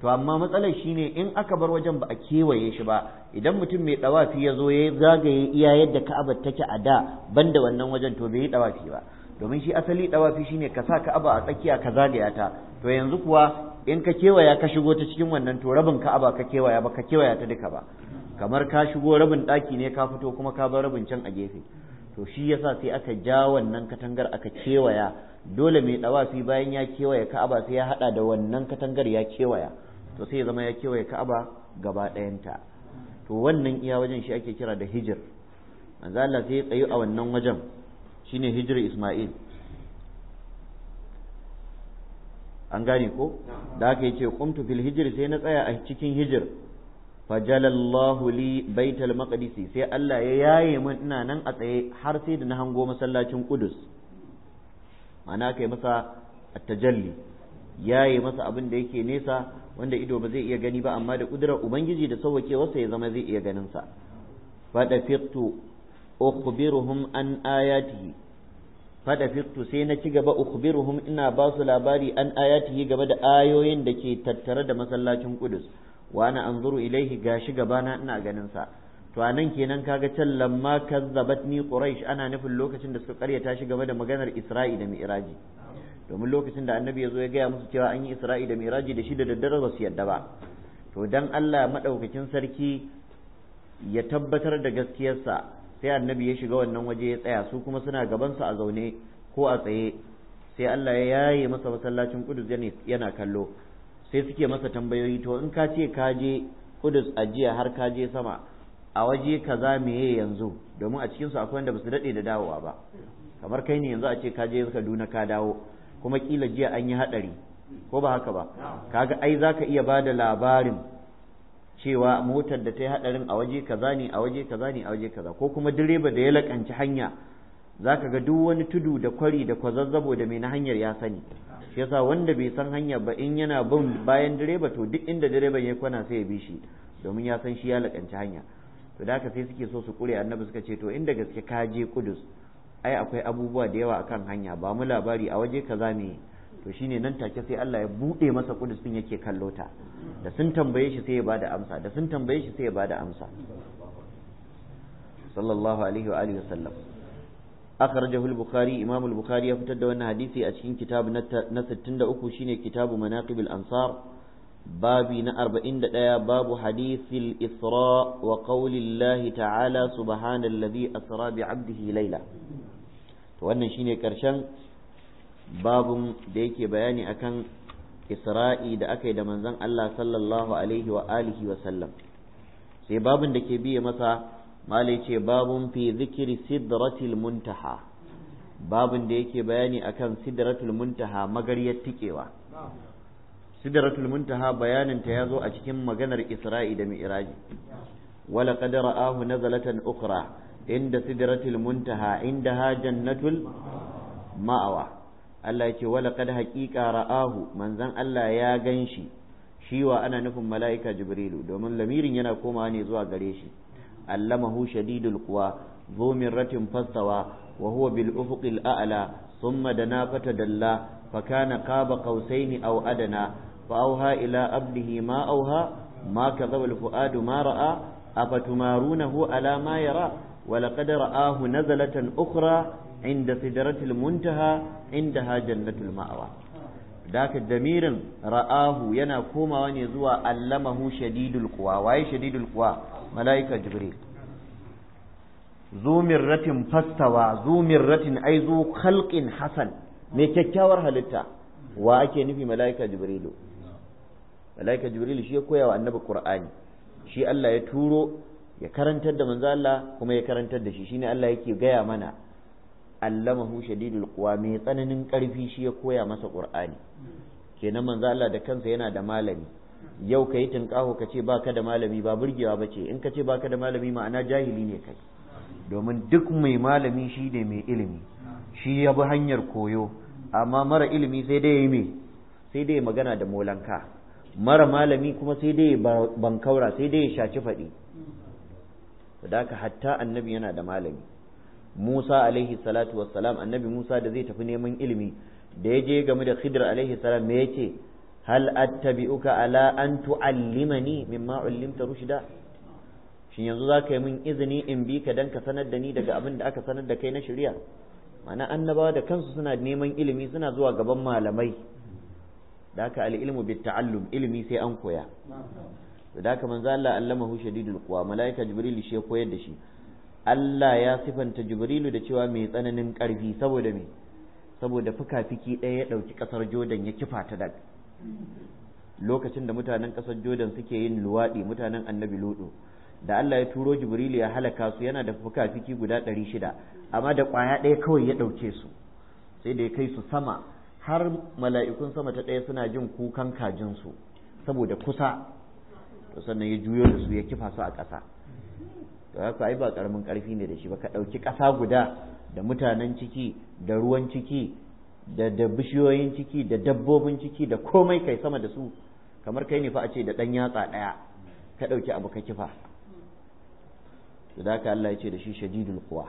to amma matsalar shine in aka bar wajen ba a kewaye shi ba idan mutum mai dawafi ya zo ya zagaye iya yadda Ka'aba take a da banda wannan wajen to bai yi dawafi ba domin shi asali dawafi shine ka sa Ka'aba a tsakiya ka zagaya ta to yanzu kuwa in ka kewaya ka shigo ta cikin wannan to rabin ka'aba ka kewaya ba ka kewaya ta duka ba kamar ka shigo rabin ɗaki ne ka fito kuma ka bar rabin can a gefe to shi yasa sai aka ja wannan katangar aka kewaya dole mai ɗawafi bayan ya kewaya ka'aba sai ya haɗa da wannan katangar ya kewaya to sai ya zama ya kewaye ka'aba gaba ɗayanta to wannan iya wajen shi ake kira da hijir manzo Allah sai ya tsayu a wannan wajen shine hijir Isma'il an gane ko da haka yace qumtu fil hijr sai na tsaya a cikin hijir fajalallahu li baital maqdis sai Allah ya yaye min ina nan a tsaye har sai da na hango masallacin Qudus ma'ana kai masa at-tajalli yaye masa abin da yake nesa wanda ido ba zai iya gani ba amma da kudurar ubangiji da sauwakewarsa ya zama zai iya ganin sa fiqtu ukhbiruhum an ayatihi fitu sai na ci gaba ukhbiruhum ina basu labari an ayatihi gaba da ayoyin da ke tattare da masallacin ƙudus wa ana anzuru ilaihi ga gashi gabana ina ganin sa to anan kenan kaga can lamma kazzabatni quraish ana nufin lokacin da suka karyata shi gaba da maganar Isra'i da Mi'raji domin lokacin da annabi ya zo ya gaya musu cewa an yi Isra'i da Mi'raji da shi da daddare ba su yadda ba to dan Allah madaukakin sarki ya tabbatar da gaskiyarsa sai annabi ya shiga wannan waje ya tsaya su kuma suna gaban su a zaune ko a tsaye sai Allah ya yaye masa masallacin Kudus yana kallo sai suke masa tambayoyi to in ka ce ka je Kudus a jiya har ka je sama a waje kaza meye yanzu domin a cikin su akwai wanda basu dade da dawowa ba kamar kai ne yanzu a ce ka je Kaduna ka dawo kuma kila jiya an yi hadari ko ba haka ba kaga ai zaka iya bada labarin cewa motar da ta yi hadarin a waje kaza ne a waje kaza ne a waje kaza ko kuma direba da ya lakanci hanya zaka ga duk wani tudu da kwari da kwazazzabo da mai na hanyar ya sani shi yasa wanda bai san hanya ba in yana bin bayan direba to duk inda direban ya kwana sai ya bi shi domin ya san shi ya lakanci hanya to da haka sai suke so su kure annabi suka ce to inda gaske ka je kudus ai akwai abubuwa da yawa akan hanya ba mu labari a waje kaza ne to shine nan take sai Allah ya bude masa kudus din yake kallo ta da sun tambaye shi sai ya bada amsa da sun tambaye shi sai ya bada amsa sallallahu alaihi wa alihi wasallam akhrajahu al-bukhari imam al-bukhari ya fitar da wannan hadisi a cikin kitabu na 63 shine kitabu manaqib al-ansar babi na 41 babu hadithil isra wa qawli ta'ala subhanalladhi asra bi 'abdihi layla to wannan shine karshen babun da yake bayani akan isra'i da aka yi da manzon Allah sallallahu alaihi wa alihi wa sallam sai babin da ke biye masa malai ce babun fi zikiri sidratil muntaha babin da yake bayani akan sidratul muntaha magaryar tikewa sidratul muntaha bayanin ta yazo a cikin maganar isra'i da mi'raji wala qad ra'ahu nazalatan ukra inda sidratul muntaha ha jannatul ma'awa Allah ya ce haqiqa ra'ahu manzon Allah ya ganshi shi wa ana nufin mala'ika jibrilu domin lamirin yana komawa ne zuwa gare shi allamahu shadidul quwa dhu ratin fastawa wa huwa bil ufuqil a'la thumma dana fatadalla fa kana qaba qausaini aw adana fa auha ila abdihi ma auha ma kadhaba al fuadu ma ra'a afatumarunahu ala ma yara ra'ahu na نزلة Ukra. inda sidratul muntaha indaha jannatul ma'awa daka damirin ra'ahu yana komawa ne zuwa allamahu shadidul quwa waye shadidul quwa malaika jibril zumin ratin fastawa zumirratin ratin ai zu khalqin hasan mai kyakkyawar halitta wa ake nufi malaika jibril malaika jibril shi ya koya wa annabi qur'ani shi Allah ya turo ya karantar da manzo Allah kuma ya karantar da shi shine Allah yake gaya mana allamahu shadidul quwa mai tsananin karfi shi ya koya masa qur'ani kenan manzo Allah da kansa yana da malami yau kai tinkaho ka ce baka da malami ba burgewa bace in ka ce baka da malami ma'ana jahili ne kai domin duk mai malami shi ne mai ilimi shi ya bi hanyar koyo amma mara ilimi sai dai ya sai dai magana da molanka mara malami kuma sai dai bankaura sai dai ya shaci faɗi da haka hatta annabi yana da malami Musa alaihi salatu wassalam annabi Musa da zai tafi neman ilimi da ya je game da Khidr alaihi salam me yake hal attabi'uka ala an tu'allimani mimma 'allimta rushda shin yanzu za ka yi min izini in bi ka dan ka sanar da ni daga abin da aka sanar da kai na shari'a mana annabawa da kansu suna neman ilimi suna zuwa gaban malamai da aka al-ilmu bit ta'allum ilimi sai an koya da ka manzo Allah hu shadidul quwa malaika jibril shi ya koyar da shi Allah ya sifanta Jibrilu da cewa mai tsananin ƙarfi saboda me saboda fuka-fiki ɗaya ya ɗauki ƙasar Jordan ya kifa ta da lokacin da mutanen ƙasar Jordan suke yin luwaɗi mutanen annabi Lodo da Allah ya turo Jibrilu ya halaka su yana da fuka-fiki guda ɗari shida amma da ƙwaya ɗaya kawai ya ɗauke su sai da ya kai su sama har mala'ikun sama ta ɗaya suna jin kukan kajinsu saboda kusa to sannan ya juyo da su ya kifa su a ƙasa to haka ai ba karamin karfi ne da shi ba ka ɗauki kasa guda da mutanen ciki da ruwan ciki da da bishiyoyin ciki da dabbobin ciki da komai kai sama da su kamar kai ne fa a ce da ɗan yatsa ɗaya ka dauki abu ka kifa to da haka Allah ya ce da shi shadidul quwa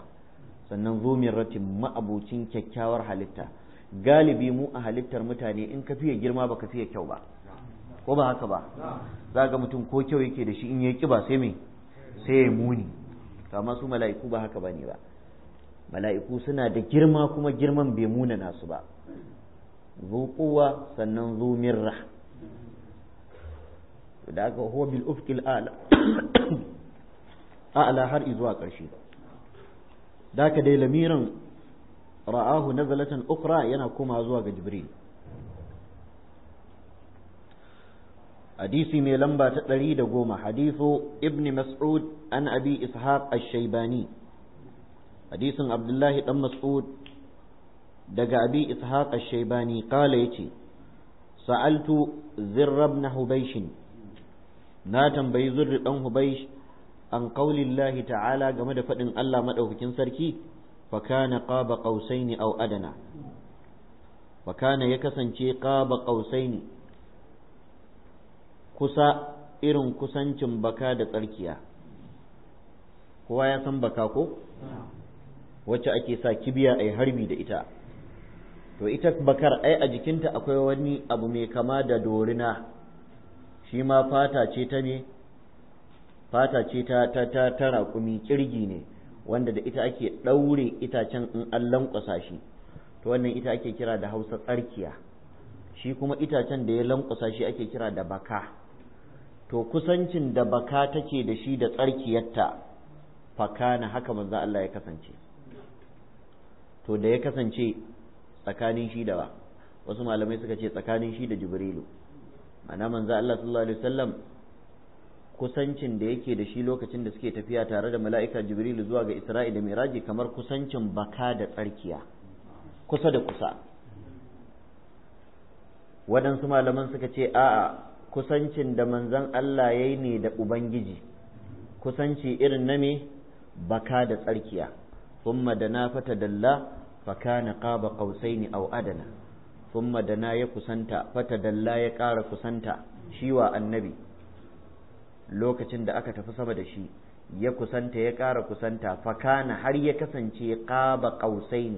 sannan zumin min ratin ma'abucin kyakkyawar halitta galibi mu a halittar mutane in ka fiye girma baka ka fiye kyau ba ko ba haka ba za ga mutum ko kyau yake da shi in ya ƙiba sai me sai ya muni to amma su mala'iku ba haka bane ba mala'iku suna da girma kuma girman bai muna nasu ba zuquwa sannan zu mirra da aka huwa bil ufqil a'la a'la har zuwa ƙarshe da ka dai lamiran ra'ahu nazalatan ukra yana koma zuwa ga jibril hadisi mai lamba ta ɗari da goma hadisu ibn mas'ud an abi ishaq ash-shaybani hadisin abdullahi ɗan mas'ud daga abi ishaq ash-shaybani kala yace sa'altu zirra ibn hubaysh na tambayi zurri dan hubaysh an qaulillahi ta'ala game da faɗin Allah madaukakin sarki fa kana qaba qausaini ya kasance qaba qausaini kusa irin kusancin baka da tsarkiya kowa ya san baka ko wacce ake sa kibiya a harbi da ita to ita bakar ai a jikinta akwai wani abu mai kama da dorina shi ma fata ce ta ne fata ce ta ta ta ta raƙumi kirgi ne wanda da ita ake ɗaure itacen in an lankwasa shi to wannan ita ake kira da hausa tsarkiya shi kuma itacen da ya lankwasa shi ake kira da baka to kusancin da baka take da shi da tsarkiyarta fakana haka manzo Allah ya kasance to da ya kasance tsakanin shi da wasu malamai suka ce tsakanin shi da jibrilu mana manzo Allah sallallahu alaihi wasallam kusancin da yake da shi lokacin da suke tafiya tare da mala'ika jibrilu zuwa ga Isra'il da miraji kamar kusancin baka da tsarkiya kusa da kusa waɗansu malaman suka ce a'a kusancin da manzon Allah ya yi ne da Ubangiji kusanci irin na me baka da tsarkiya thumma da na fata dalla fakana qaba ne au adana thumma da na ya kusanta fata dalla ya ƙara kusanta shi wa annabi lokacin da aka tafi sama da shi ya kusanta ya ƙara kusanta fakana har ya kasance ƙaba ne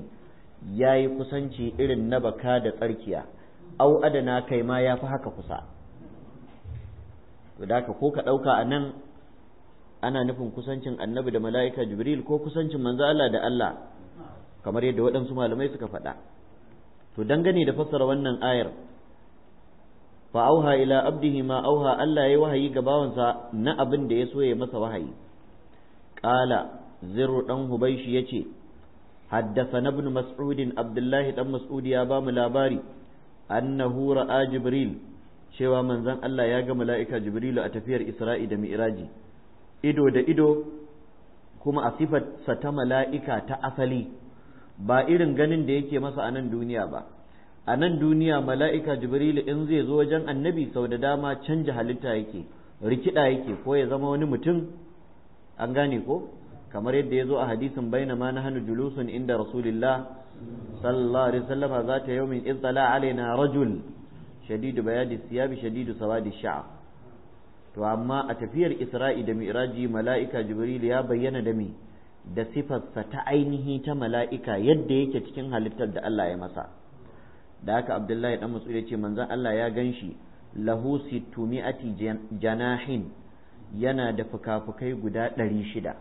ya yi kusanci irin na baka da tsarkiya au adana kai ma ya fi haka kusa to da ka ko ka ɗauka a nan ana nufin kusancin annabi da mala'ika jibril ko kusancin manzo Allah da Allah kamar yadda waɗansu malamai suka faɗa to dangane da fassara wannan ayar fa auha ila abdihi ma auha Allah ya wahayi ga bawansa na abin da ya so masa wahayi qala zirru dan hubayshi yace na ابن mas'udin abdullahi ɗan mas'udi ya ba mu labari hura ra'a Jibril. cewa manzon Allah ya ga mala'ika Jibrilu a tafiyar Isra'i da Mi'iraji? ido da ido kuma a sifarsa ta mala'ika ta asali ba irin ganin da yake masa a nan duniya ba a nan duniya mala'ika Jibrilu in zai zo wajen annabi sau da dama canja halitta yake rikida yake ko ya zama wani mutum an gane ko kamar yadda ya zo a hadisin baina ma na hannu julusun inda rasulillah sallallahu alaihi wasallam za ta yau min izala alaina rajul shadidu bayadi siyabi shadidu sawadi sha'a to amma a tafiyar isra'i da mi'raji mala'ika jibril ya bayyana da me da sifarsa ta ainihi ta mala'ika yadda yake cikin halittar da Allah ya masa da haka abdullahi dan mas'ud ya ce manzon Allah ya ganshi lahu sittumi'ati janahin yana da fuka-fukai guda ɗari shida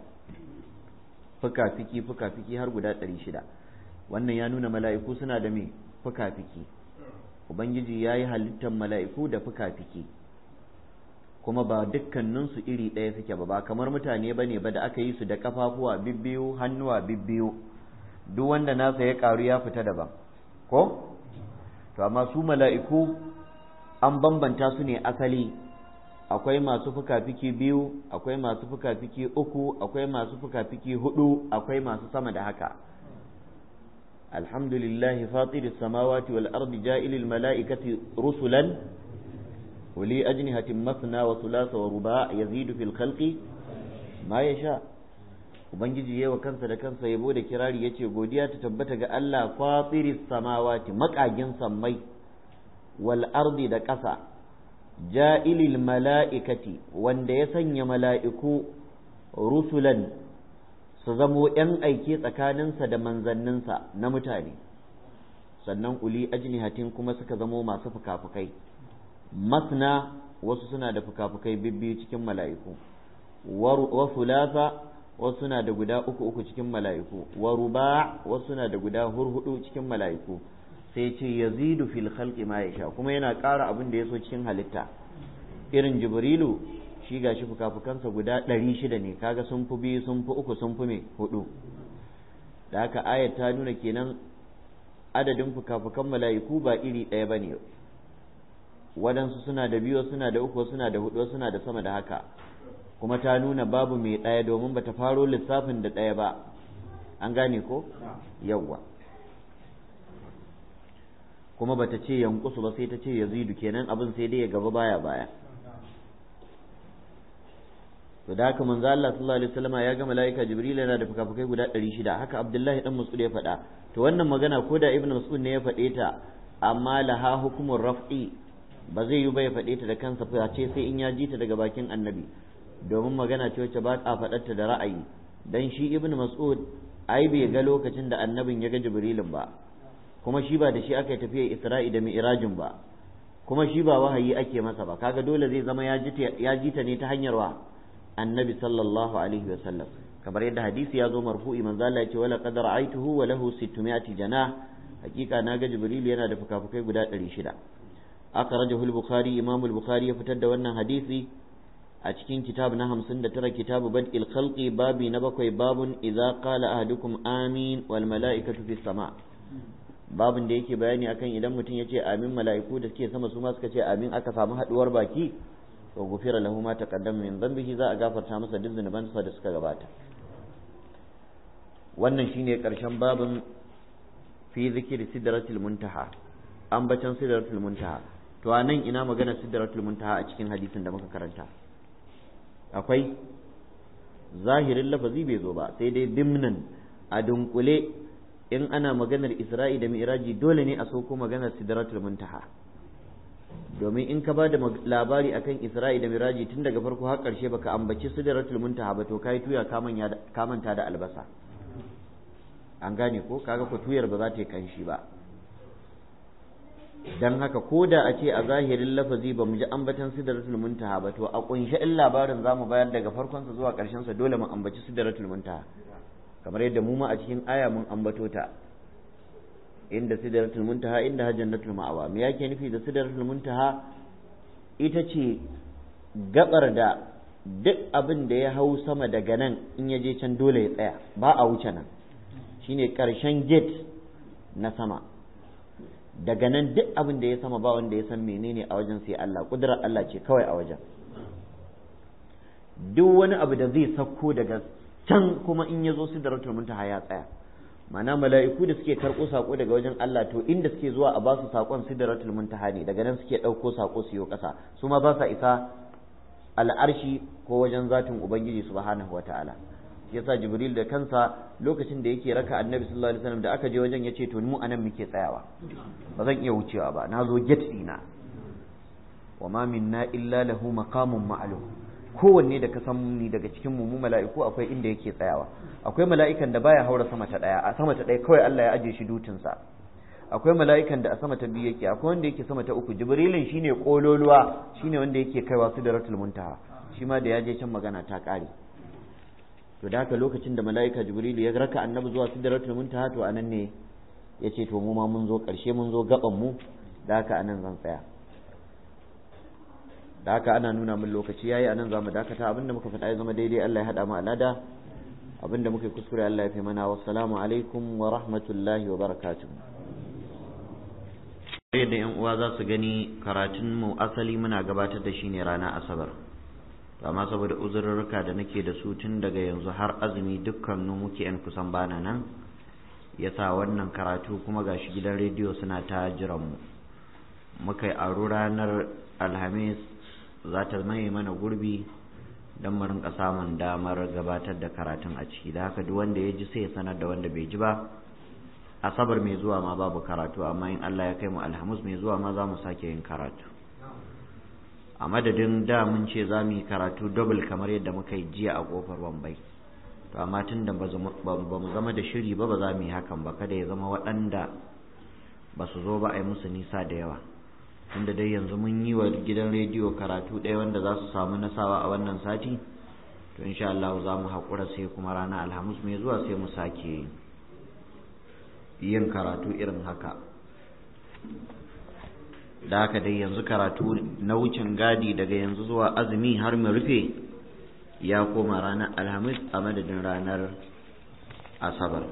fukafiki har guda ɗari shida wannan ya nuna mala'iku suna da me fuka ubangiji ya yi halittar mala'iku da fuka-fiki kuma ba dukkaninsu iri ɗaya suke ba ba kamar mutane ba ne ba da aka yi su da kafafuwa bibbiyu hannuwa bibbiyu duk wanda nasa ya ƙaru ya fita da ba ko to amma su mala'iku an bambanta su ne asali akwai masu fuka-fiki biyu akwai masu fuka-fiki uku akwai masu fuka-fiki hudu akwai masu sama da haka الحمد لله فاطر السماوات والأرض جائل الملائكة رسلا ولي أجنهة مثنى وثلاث ورباع يزيد في الخلق ما يشاء ubangiji yawa kansa da kansa yabo da kirari yace godiya ta tabbata ga Allah fatiri samawati makagin sammai wal ardi da ƙasa ja'ilil mala'ikati wanda ya sanya mala'iku rusulan su zamo ‘yan aiki tsakaninsa da manzanninsa na mutane sannan uli ajnihatin kuma suka zamo masu fukafukai masna wasu suna da fukafukai bibbiyu cikin mala'iku wa thulatha wasu suna da guda uku uku cikin mala'iku wa wasu suna da guda hurhudu cikin mala'iku sai ce yazidu fil khalqi ma yasha kuma yana ƙara abin da ya so cikin halitta irin jibrilu shi gashi fuka-fukansa guda ɗari shida ne kaga sun fi biyu sun fi uku sun fi mai hudu da haka ayat ta nuna kenan adadin fuka-fukan mala'iku ba iri ɗaya ba ne waɗansu suna da biyu suna da uku suna da hudu suna da sama da haka kuma ta nuna babu mai ɗaya domin bata faro lissafin da ɗaya ba an gane ko yawwa kuma bata ce yankusu ba sai ta ce yazidu kenan abin sai dai ya gaba baya baya to da haka manzo Allah sallallahu alaihi wasallam ya ga malaika jibril yana da fuka-fukai guda 600 haka abdullahi dan mas'ud ya faɗa to wannan magana ko da ibnu mas'ud ne ya faɗe ta amma laha hukumur raf'i ba zai yi ba ya faɗe ta da kansa ce sai in ya ji ta daga bakin annabi domin magana ce wacce ba a ta da ra'ayi dan shi ibnu mas'ud ai bai ga lokacin da annabin ya ga jibrilin ba kuma shi ba da shi aka tafiya isra'i da mi'rajin ba kuma shi ba wahayi ake masa ba kaga dole zai zama ya ji ta ne ta hanyar wa annabi sallallahu alaihi sallam kamar yadda hadisi ya zo marfu'i manzo Allah ce wala qad aituhu wa lahu 600 jana hakika naga jibril yana da fukafukai guda 600 akhrajahu al-bukhari imam al-bukhari ya fitar da wannan hadisi a cikin kitab na 59 kitabu bad'il khalqi babi na bakwai babun idza qala ahadukum amin wal mala'ikatu fi sama babin da yake bayani akan idan mutum ya ce amin mala'iku da suke sama su ma suka ce amin aka samu haduwar baki wa gufira lahu ma taqaddama min dhanbihi za a gafarta masa duk sa da suka gabata wannan shine karshen babin fi zikri sidratil muntaha ambaton sidratul muntaha to anan ina magana sidratul muntaha a cikin hadisin da muka karanta akwai zahirin lafazi bai zo ba sai dai dimnan a dunkule in ana maganar isra'i da mi'raji dole ne a soko maganar sidratul muntaha domin in ka ba da labari akan Isra'i da Miraji tun daga farko har ƙarshe baka ambaci sidratul muntaha ba to kai tuya ka manta da albasa an gane ko kaga ko tuyar ba za ta yi kanshi ba dan haka ko da a ce a zahirin lafazi ba mu ji ambatan sidratul muntaha ba to a kunshe in labarin za mu bayar daga farkon sa zuwa ƙarshen sa dole mu ambaci sidratul muntaha kamar yadda mu ma a cikin aya mun ambato ta inda sidratul muntaha inda jannatul ma'awa me yake nufi da sidratul muntaha ita ce gabar da duk abin da ya hau sama daga nan in ya je can dole ya tsaya ba a wuce nan shine karshen gate na sama daga nan duk abin da ya sama ba wanda ya san menene a wajen sai Allah kudrar Allah ce kawai a wajen duk wani abu da zai sauko daga can kuma in ya zo sidratul muntaha ya tsaya ma'ana mala'iku da suke karɓo sako daga wajen Allah to inda suke zuwa a basu sakon sidratul muntaha ne daga nan suke ɗauko sako su yo ƙasa su ma ba sa isa al'arshi ko wajen zatin ubangiji subhanahu wata'ala yasa jibril da kansa lokacin da yake raka annabi sallallahu alaihi wasallam da aka je wajen yace to mu anan muke tsayawa ba zan iya wucewa ba na zo gate ɗina wa ma minna illa lahu maqamun ma'lum kowanne da ka ni daga cikin mu mala'iku akwai inda yake tsayawa akwai mala'ikan da baya haura sama ta daya a sama ta daya kawai Allah ya aje shi dutin sa akwai mala'ikan da a sama ta biyu yake akwai wanda yake sama ta uku jibrilin shine kololuwa shine wanda yake kaiwa ratul muntaha shi ma da ya je can magana ta kare to da haka lokacin da mala'ika jibrilu ya raka annabi zuwa su da ratul muntaha to anan ne yace to mu ma mun zo karshe mun zo gaban mu da haka anan zan tsaya da haka ana nuna min lokaci yayi anan zamu dakata abinda muka faɗa ya zama daidai Allah ya hada mu alada abinda muka kuskure Allah ya fi mana wassalamu alaikum wa rahmatullahi wa barakatuh da yan uwa za su gani karatun mu asali muna gabatar da shi ne rana asabar amma saboda uzurruka da nake da su tun daga yanzu har azumi dukkan mu muke yan kusan bana nan yasa wannan karatu kuma gashi gidan rediyo suna ta jiran mu muka yi aro ranar alhamis za ta maye mana gurbi don mu rinka samun damar gabatar da karatun a ciki da haka duk wanda ya ji sai ya sanar da wanda bai ji ba asabar mai zuwa ma babu karatu amma in Allah ya kai mu alhamis mai zuwa ma za mu sake yin karatu a madadin da mun ce za mu yi karatu double kamar yadda muka yi jiya a kofar Wambai to amma tun da ba mu zama da shiri ba ba za mu yi hakan ba kada ya zama waɗanda ba su zo ba a yi musu nisa da yawa tunda dai yanzu mun yi wa gidan rediyo karatu ɗaya wanda za su samu nasawa a wannan sati to insha Allah za mu haƙura sai kuma rana alhamis mai zuwa sai mu sake yin karatu irin haka da haka dai yanzu karatu na wucin gadi daga yanzu zuwa azumi har mu rufe ya koma ranar alhamis a madadin ranar asabar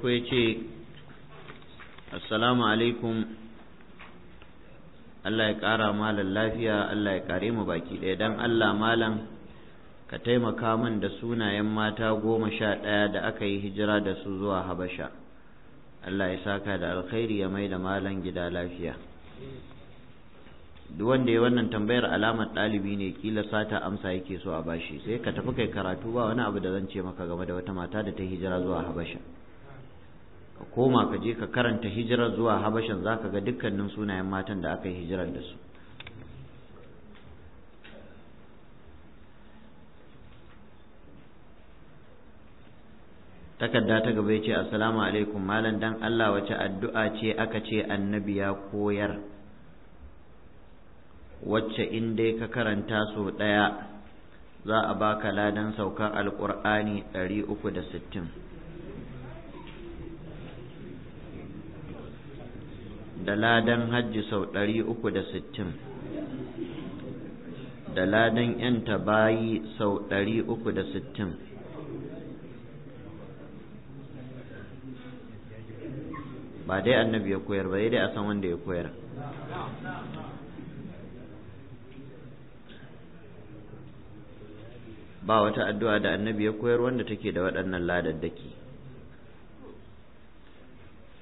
farko ya ce assalamu alaikum Allah ya ƙara malam lafiya Allah ya ƙare mu baki ɗaya don Allah malam ka taimaka min da sunayen mata goma sha ɗaya da aka yi hijira da su zuwa Habasha Allah ya saka da alkhairi ya mai da malam gida lafiya duk wanda ya wannan tambayar alamar ɗalibi ne kila sata amsa yake so a bashi sai ka tafi kai karatu ba wani abu da zan ce maka game da wata mata da ta hijira zuwa Habasha ka koma ka je ka karanta hijirar zuwa habashan za ka ga dukkanin sunayen matan da aka yi hijirar da su takarda ta gaba ya ce assalamu alaikum malam dan Allah wace addu'a ce aka ce annabi ya koyar wacce in dai ka karanta so ɗaya za a baka ladan saukar alƙur'ani 360 da ladan hajji sau ɗari uku da sittin da ladan ‘yanta bayi sau ɗari uku da sittin ba dai annabi ya koyar ba dai a san wanda ya koyar ba wata addu'a da annabi ya koyar wanda take da waɗannan ladaddaki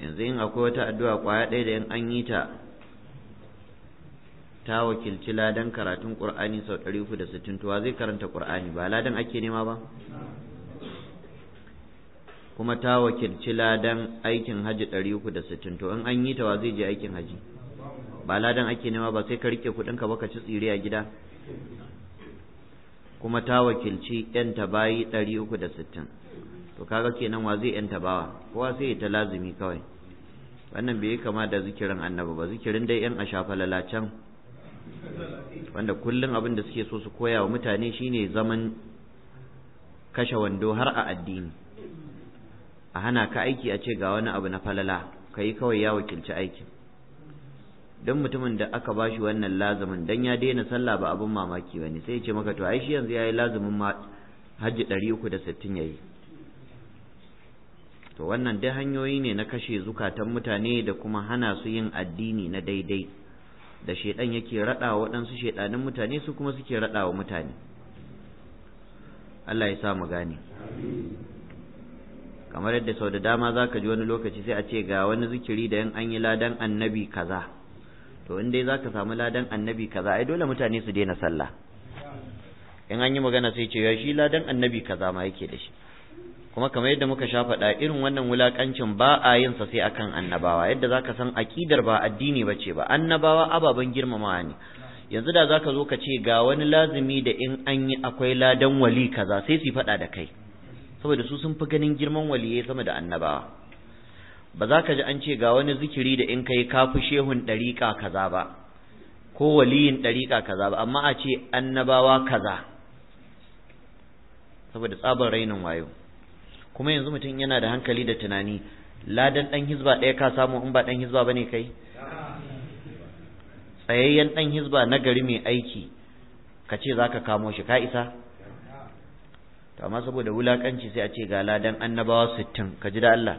yanzu in akwai wata addu'a kwaya ɗaya da in an yi ta ta wakilci ladan karatun ƙur'ani sau ɗari uku da sittin tuwa zai karanta ƙur'ani ba ladan ake nema ba kuma ta wakilci ladan aikin haji sittin, to in an yi ta wa zai je aikin haji ba ladan ake nema ba sai ka rike ba ka baka ci tsire a gida kuma ta wakilci 'yan da sittin. to kaga kenan wa zai yanta bawa kowa sai ya ta lazumi kawai wannan bai kama da zikirin annaba, ba zikirin dai yan ashafalala can wanda kullum abin da suke so su koya wa mutane shine zaman kashe wando har a addini a hana ka aiki a ce ga wani abu na falala kai kawai ya wakilci aikin don mutumin da aka bashi wannan lazumin dan ya daina sallah ba abin mamaki ba ne sai ya ce maka to ai shi yanzu ya yi lazumin ma hajji ɗari uku da sittin ya to wannan dai hanyoyi ne na kashe zukatan mutane da kuma hana su yin addini na daidai da shaidan yake raɗa waɗansu shaidanin mutane su kuma suke raɗa wa mutane Allah ya sa mu gane kamar yadda sau da dama za ka ji wani lokaci sai a ce ga wani zikiri da yan an ladan annabi kaza to in dai za ka samu ladan annabi kaza ai dole mutane su daina sallah in an yi magana sai ce ya shi ladan annabi kaza ma yake da shi kuma kamar yadda muka sha faɗa irin wannan wulakancin ba a yin sa sai akan annabawa yadda zaka san akidar ba addini bace ba annabawa ababen girmamawa ne yanzu da zaka zo ka ce ga wani lazimi da in an yi akwai ladan wali kaza sai su faɗa da kai saboda su sun fi ganin girman waliye sama da annabawa ba za ka ji an ce ga wani zikiri da in kai kafi shehun ɗariƙa kaza ba ko waliyin ɗariƙa kaza ba amma a ce annabawa kaza saboda tsabar rainin wayo kuma yanzu mutum yana da hankali da tunani ladan dan hizba ɗaya ka samu in ba dan hizba bane kai tsayayyen dan hizba na gari mai aiki ka ce za ka kamo shi ka isa to amma saboda wulakanci sai a ce ga ladan annabawa sittin ka ji da Allah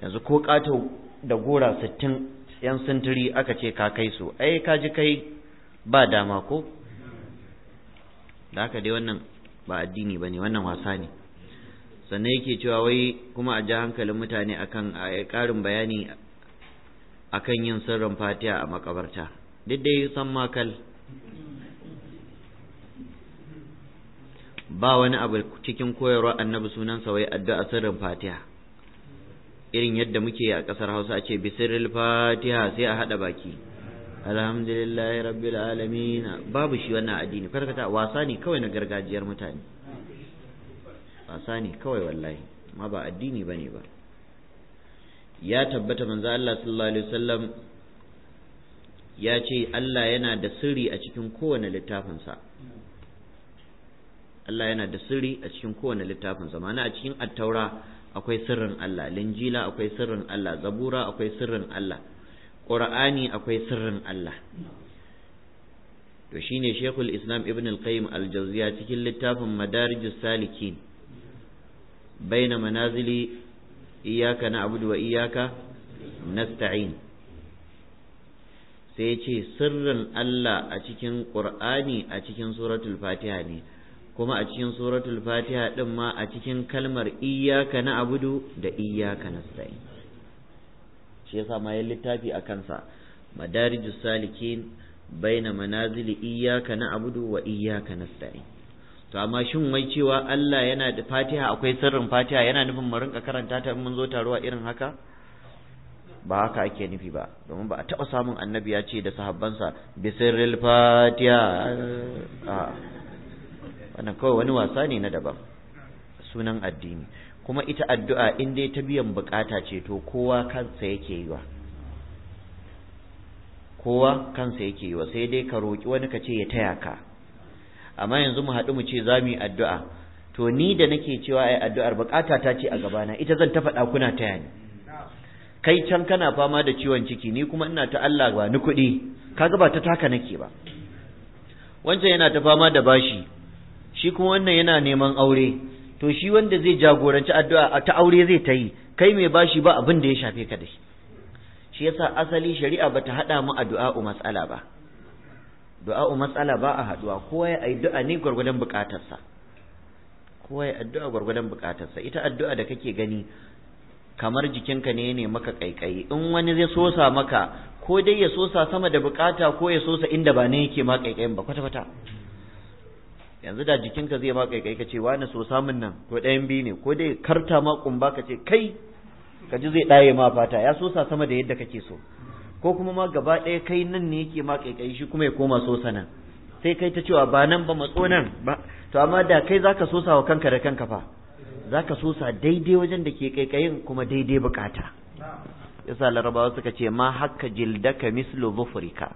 yanzu ko kato da gora sittin yan sintiri aka ce ka kai su ai ka ji kai ba dama ko da haka dai wannan ba addini ba wannan wasa ne sannan yake cewa wai kuma a ji hankalin mutane akan a ƙarin bayani akan yin sirrin fatiha a makabarta duk dai san makal ba wani abu cikin koyarwa annabi sunansa wai addu'a sirrin fatiha irin yadda muke a ƙasar hausa ce bisirin fatiha sai a haɗa baki alhamdulillahi rabbil alamin babu shi wannan addini karkata wasa ne kawai na gargajiyar mutane wasa ne kawai wallahi amma ba addini bane ba ya tabbata manzo Allah sallallahu alaihi wasallam ya ce Allah yana da sirri a cikin kowane littafinsa Allah yana da sirri a cikin kowane littafinsa ma'ana a cikin attaura akwai sirrin Allah linjila akwai sirrin Allah zabura akwai sirrin Allah qur'ani akwai sirrin Allah to shine shekul islam ibn al-qayyim al-jawziya cikin littafin madarijus salikin baina manazili iyaka na abudu wa iyaka nasta'in sai ya ce sirrin Allah a cikin ƙur'ani a cikin suratul fatiha ne kuma a cikin suratul fatiha ɗin ma a cikin kalmar iyaka na abudu da iyaka nasta'in shi yasa ma ya littafi a kansa madarijus salikin baina manazili iyaka na abudu wa iyaka na nasta'in to amma shin wai cewa Allah yana da Fatiha akwai sirrin Fatiha yana nufin mu rinka karanta ta in mun zo taruwa irin haka ba haka ake nufi ba domin ba a taɓa samun annabi ya ce da sahabbansa sirril fatiha wannan kawai wani wasa ne na daban sunan addini kuma ita addu'a in dai ta biyan bukata ce to kowa kansa yake yiwa, kowa kansa yake yi sai dai ka roƙi wani ka ce ya taya ka amma yanzu mu haɗu mu ce za mu yi addu'a to ni da nake cewa ai addu'ar bukata ta ce a gabana ita zan ta faɗa kuna taya ni kai can kana fama da ciwon ciki ni kuma ina ta Allah ba ni kuɗi kaga ba ta taka nake ba wancan yana ta fama da bashi shi kuma wannan yana neman aure to shi wanda zai jagoranci addu'a ta aure zai ta yi kai mai bashi ba abin da ya shafe ka da shi shi yasa asali shari'a bata haɗa mu addu'a u matsala ba du'a'u matsala ba a haduwa kowa ya yi du'a ne gwargwadon bukatarsa kowa ya addu'a gwargwadon bukatarsa ita addu'a da kake gani kamar jikinka ne ne maka kaikai in wani zai sosa maka ko dai ya sosa sama da bukata ko ya sosa inda ba ne yake ma kaikayin ba kwata kwata yanzu da jikinka zai ma kaikai ka ce wani sosa min nan ko ɗayan biyu ne ko dai karta ma kumba ka ce kai ka ji zai daye ma fata ya sosa sama da yadda kake so ko kuma ma gaba ɗaya kai nan ne yake ma ƙaiƙayi shi kuma ya koma so sanan sai kai ta cewa ba nan ba matso nan ba to amma da kai zaka sosa wa kanka da kanka fa zaka sosa daidai wajen da ke ƙaiƙayin kuma daidai bukata yasa larabawa suka ce ma hakka jildaka mislu zufrika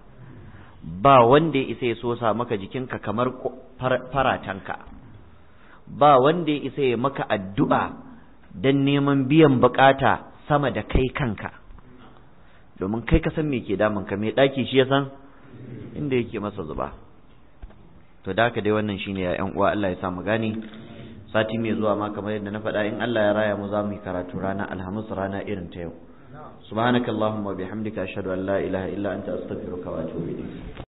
ba wanda ya isa ya sosa maka jikinka kamar faratanka ba wanda ya isa ya maka addu'a don neman biyan bukata sama da kai kanka domin kai ka san me ke damun ka me daki shi ya san inda yake masa zuba to da haka dai wannan shine ya ƴan uwa Allah ya sa mu gane sati mai zuwa ma kamar yadda na faɗa in Allah ya raya mu za mu yi karatu rana alhamis rana irin ta yau subhanakallahumma bihamdika ashhadu an la ilaha illa anta astaghfiruka wa atubu ilayk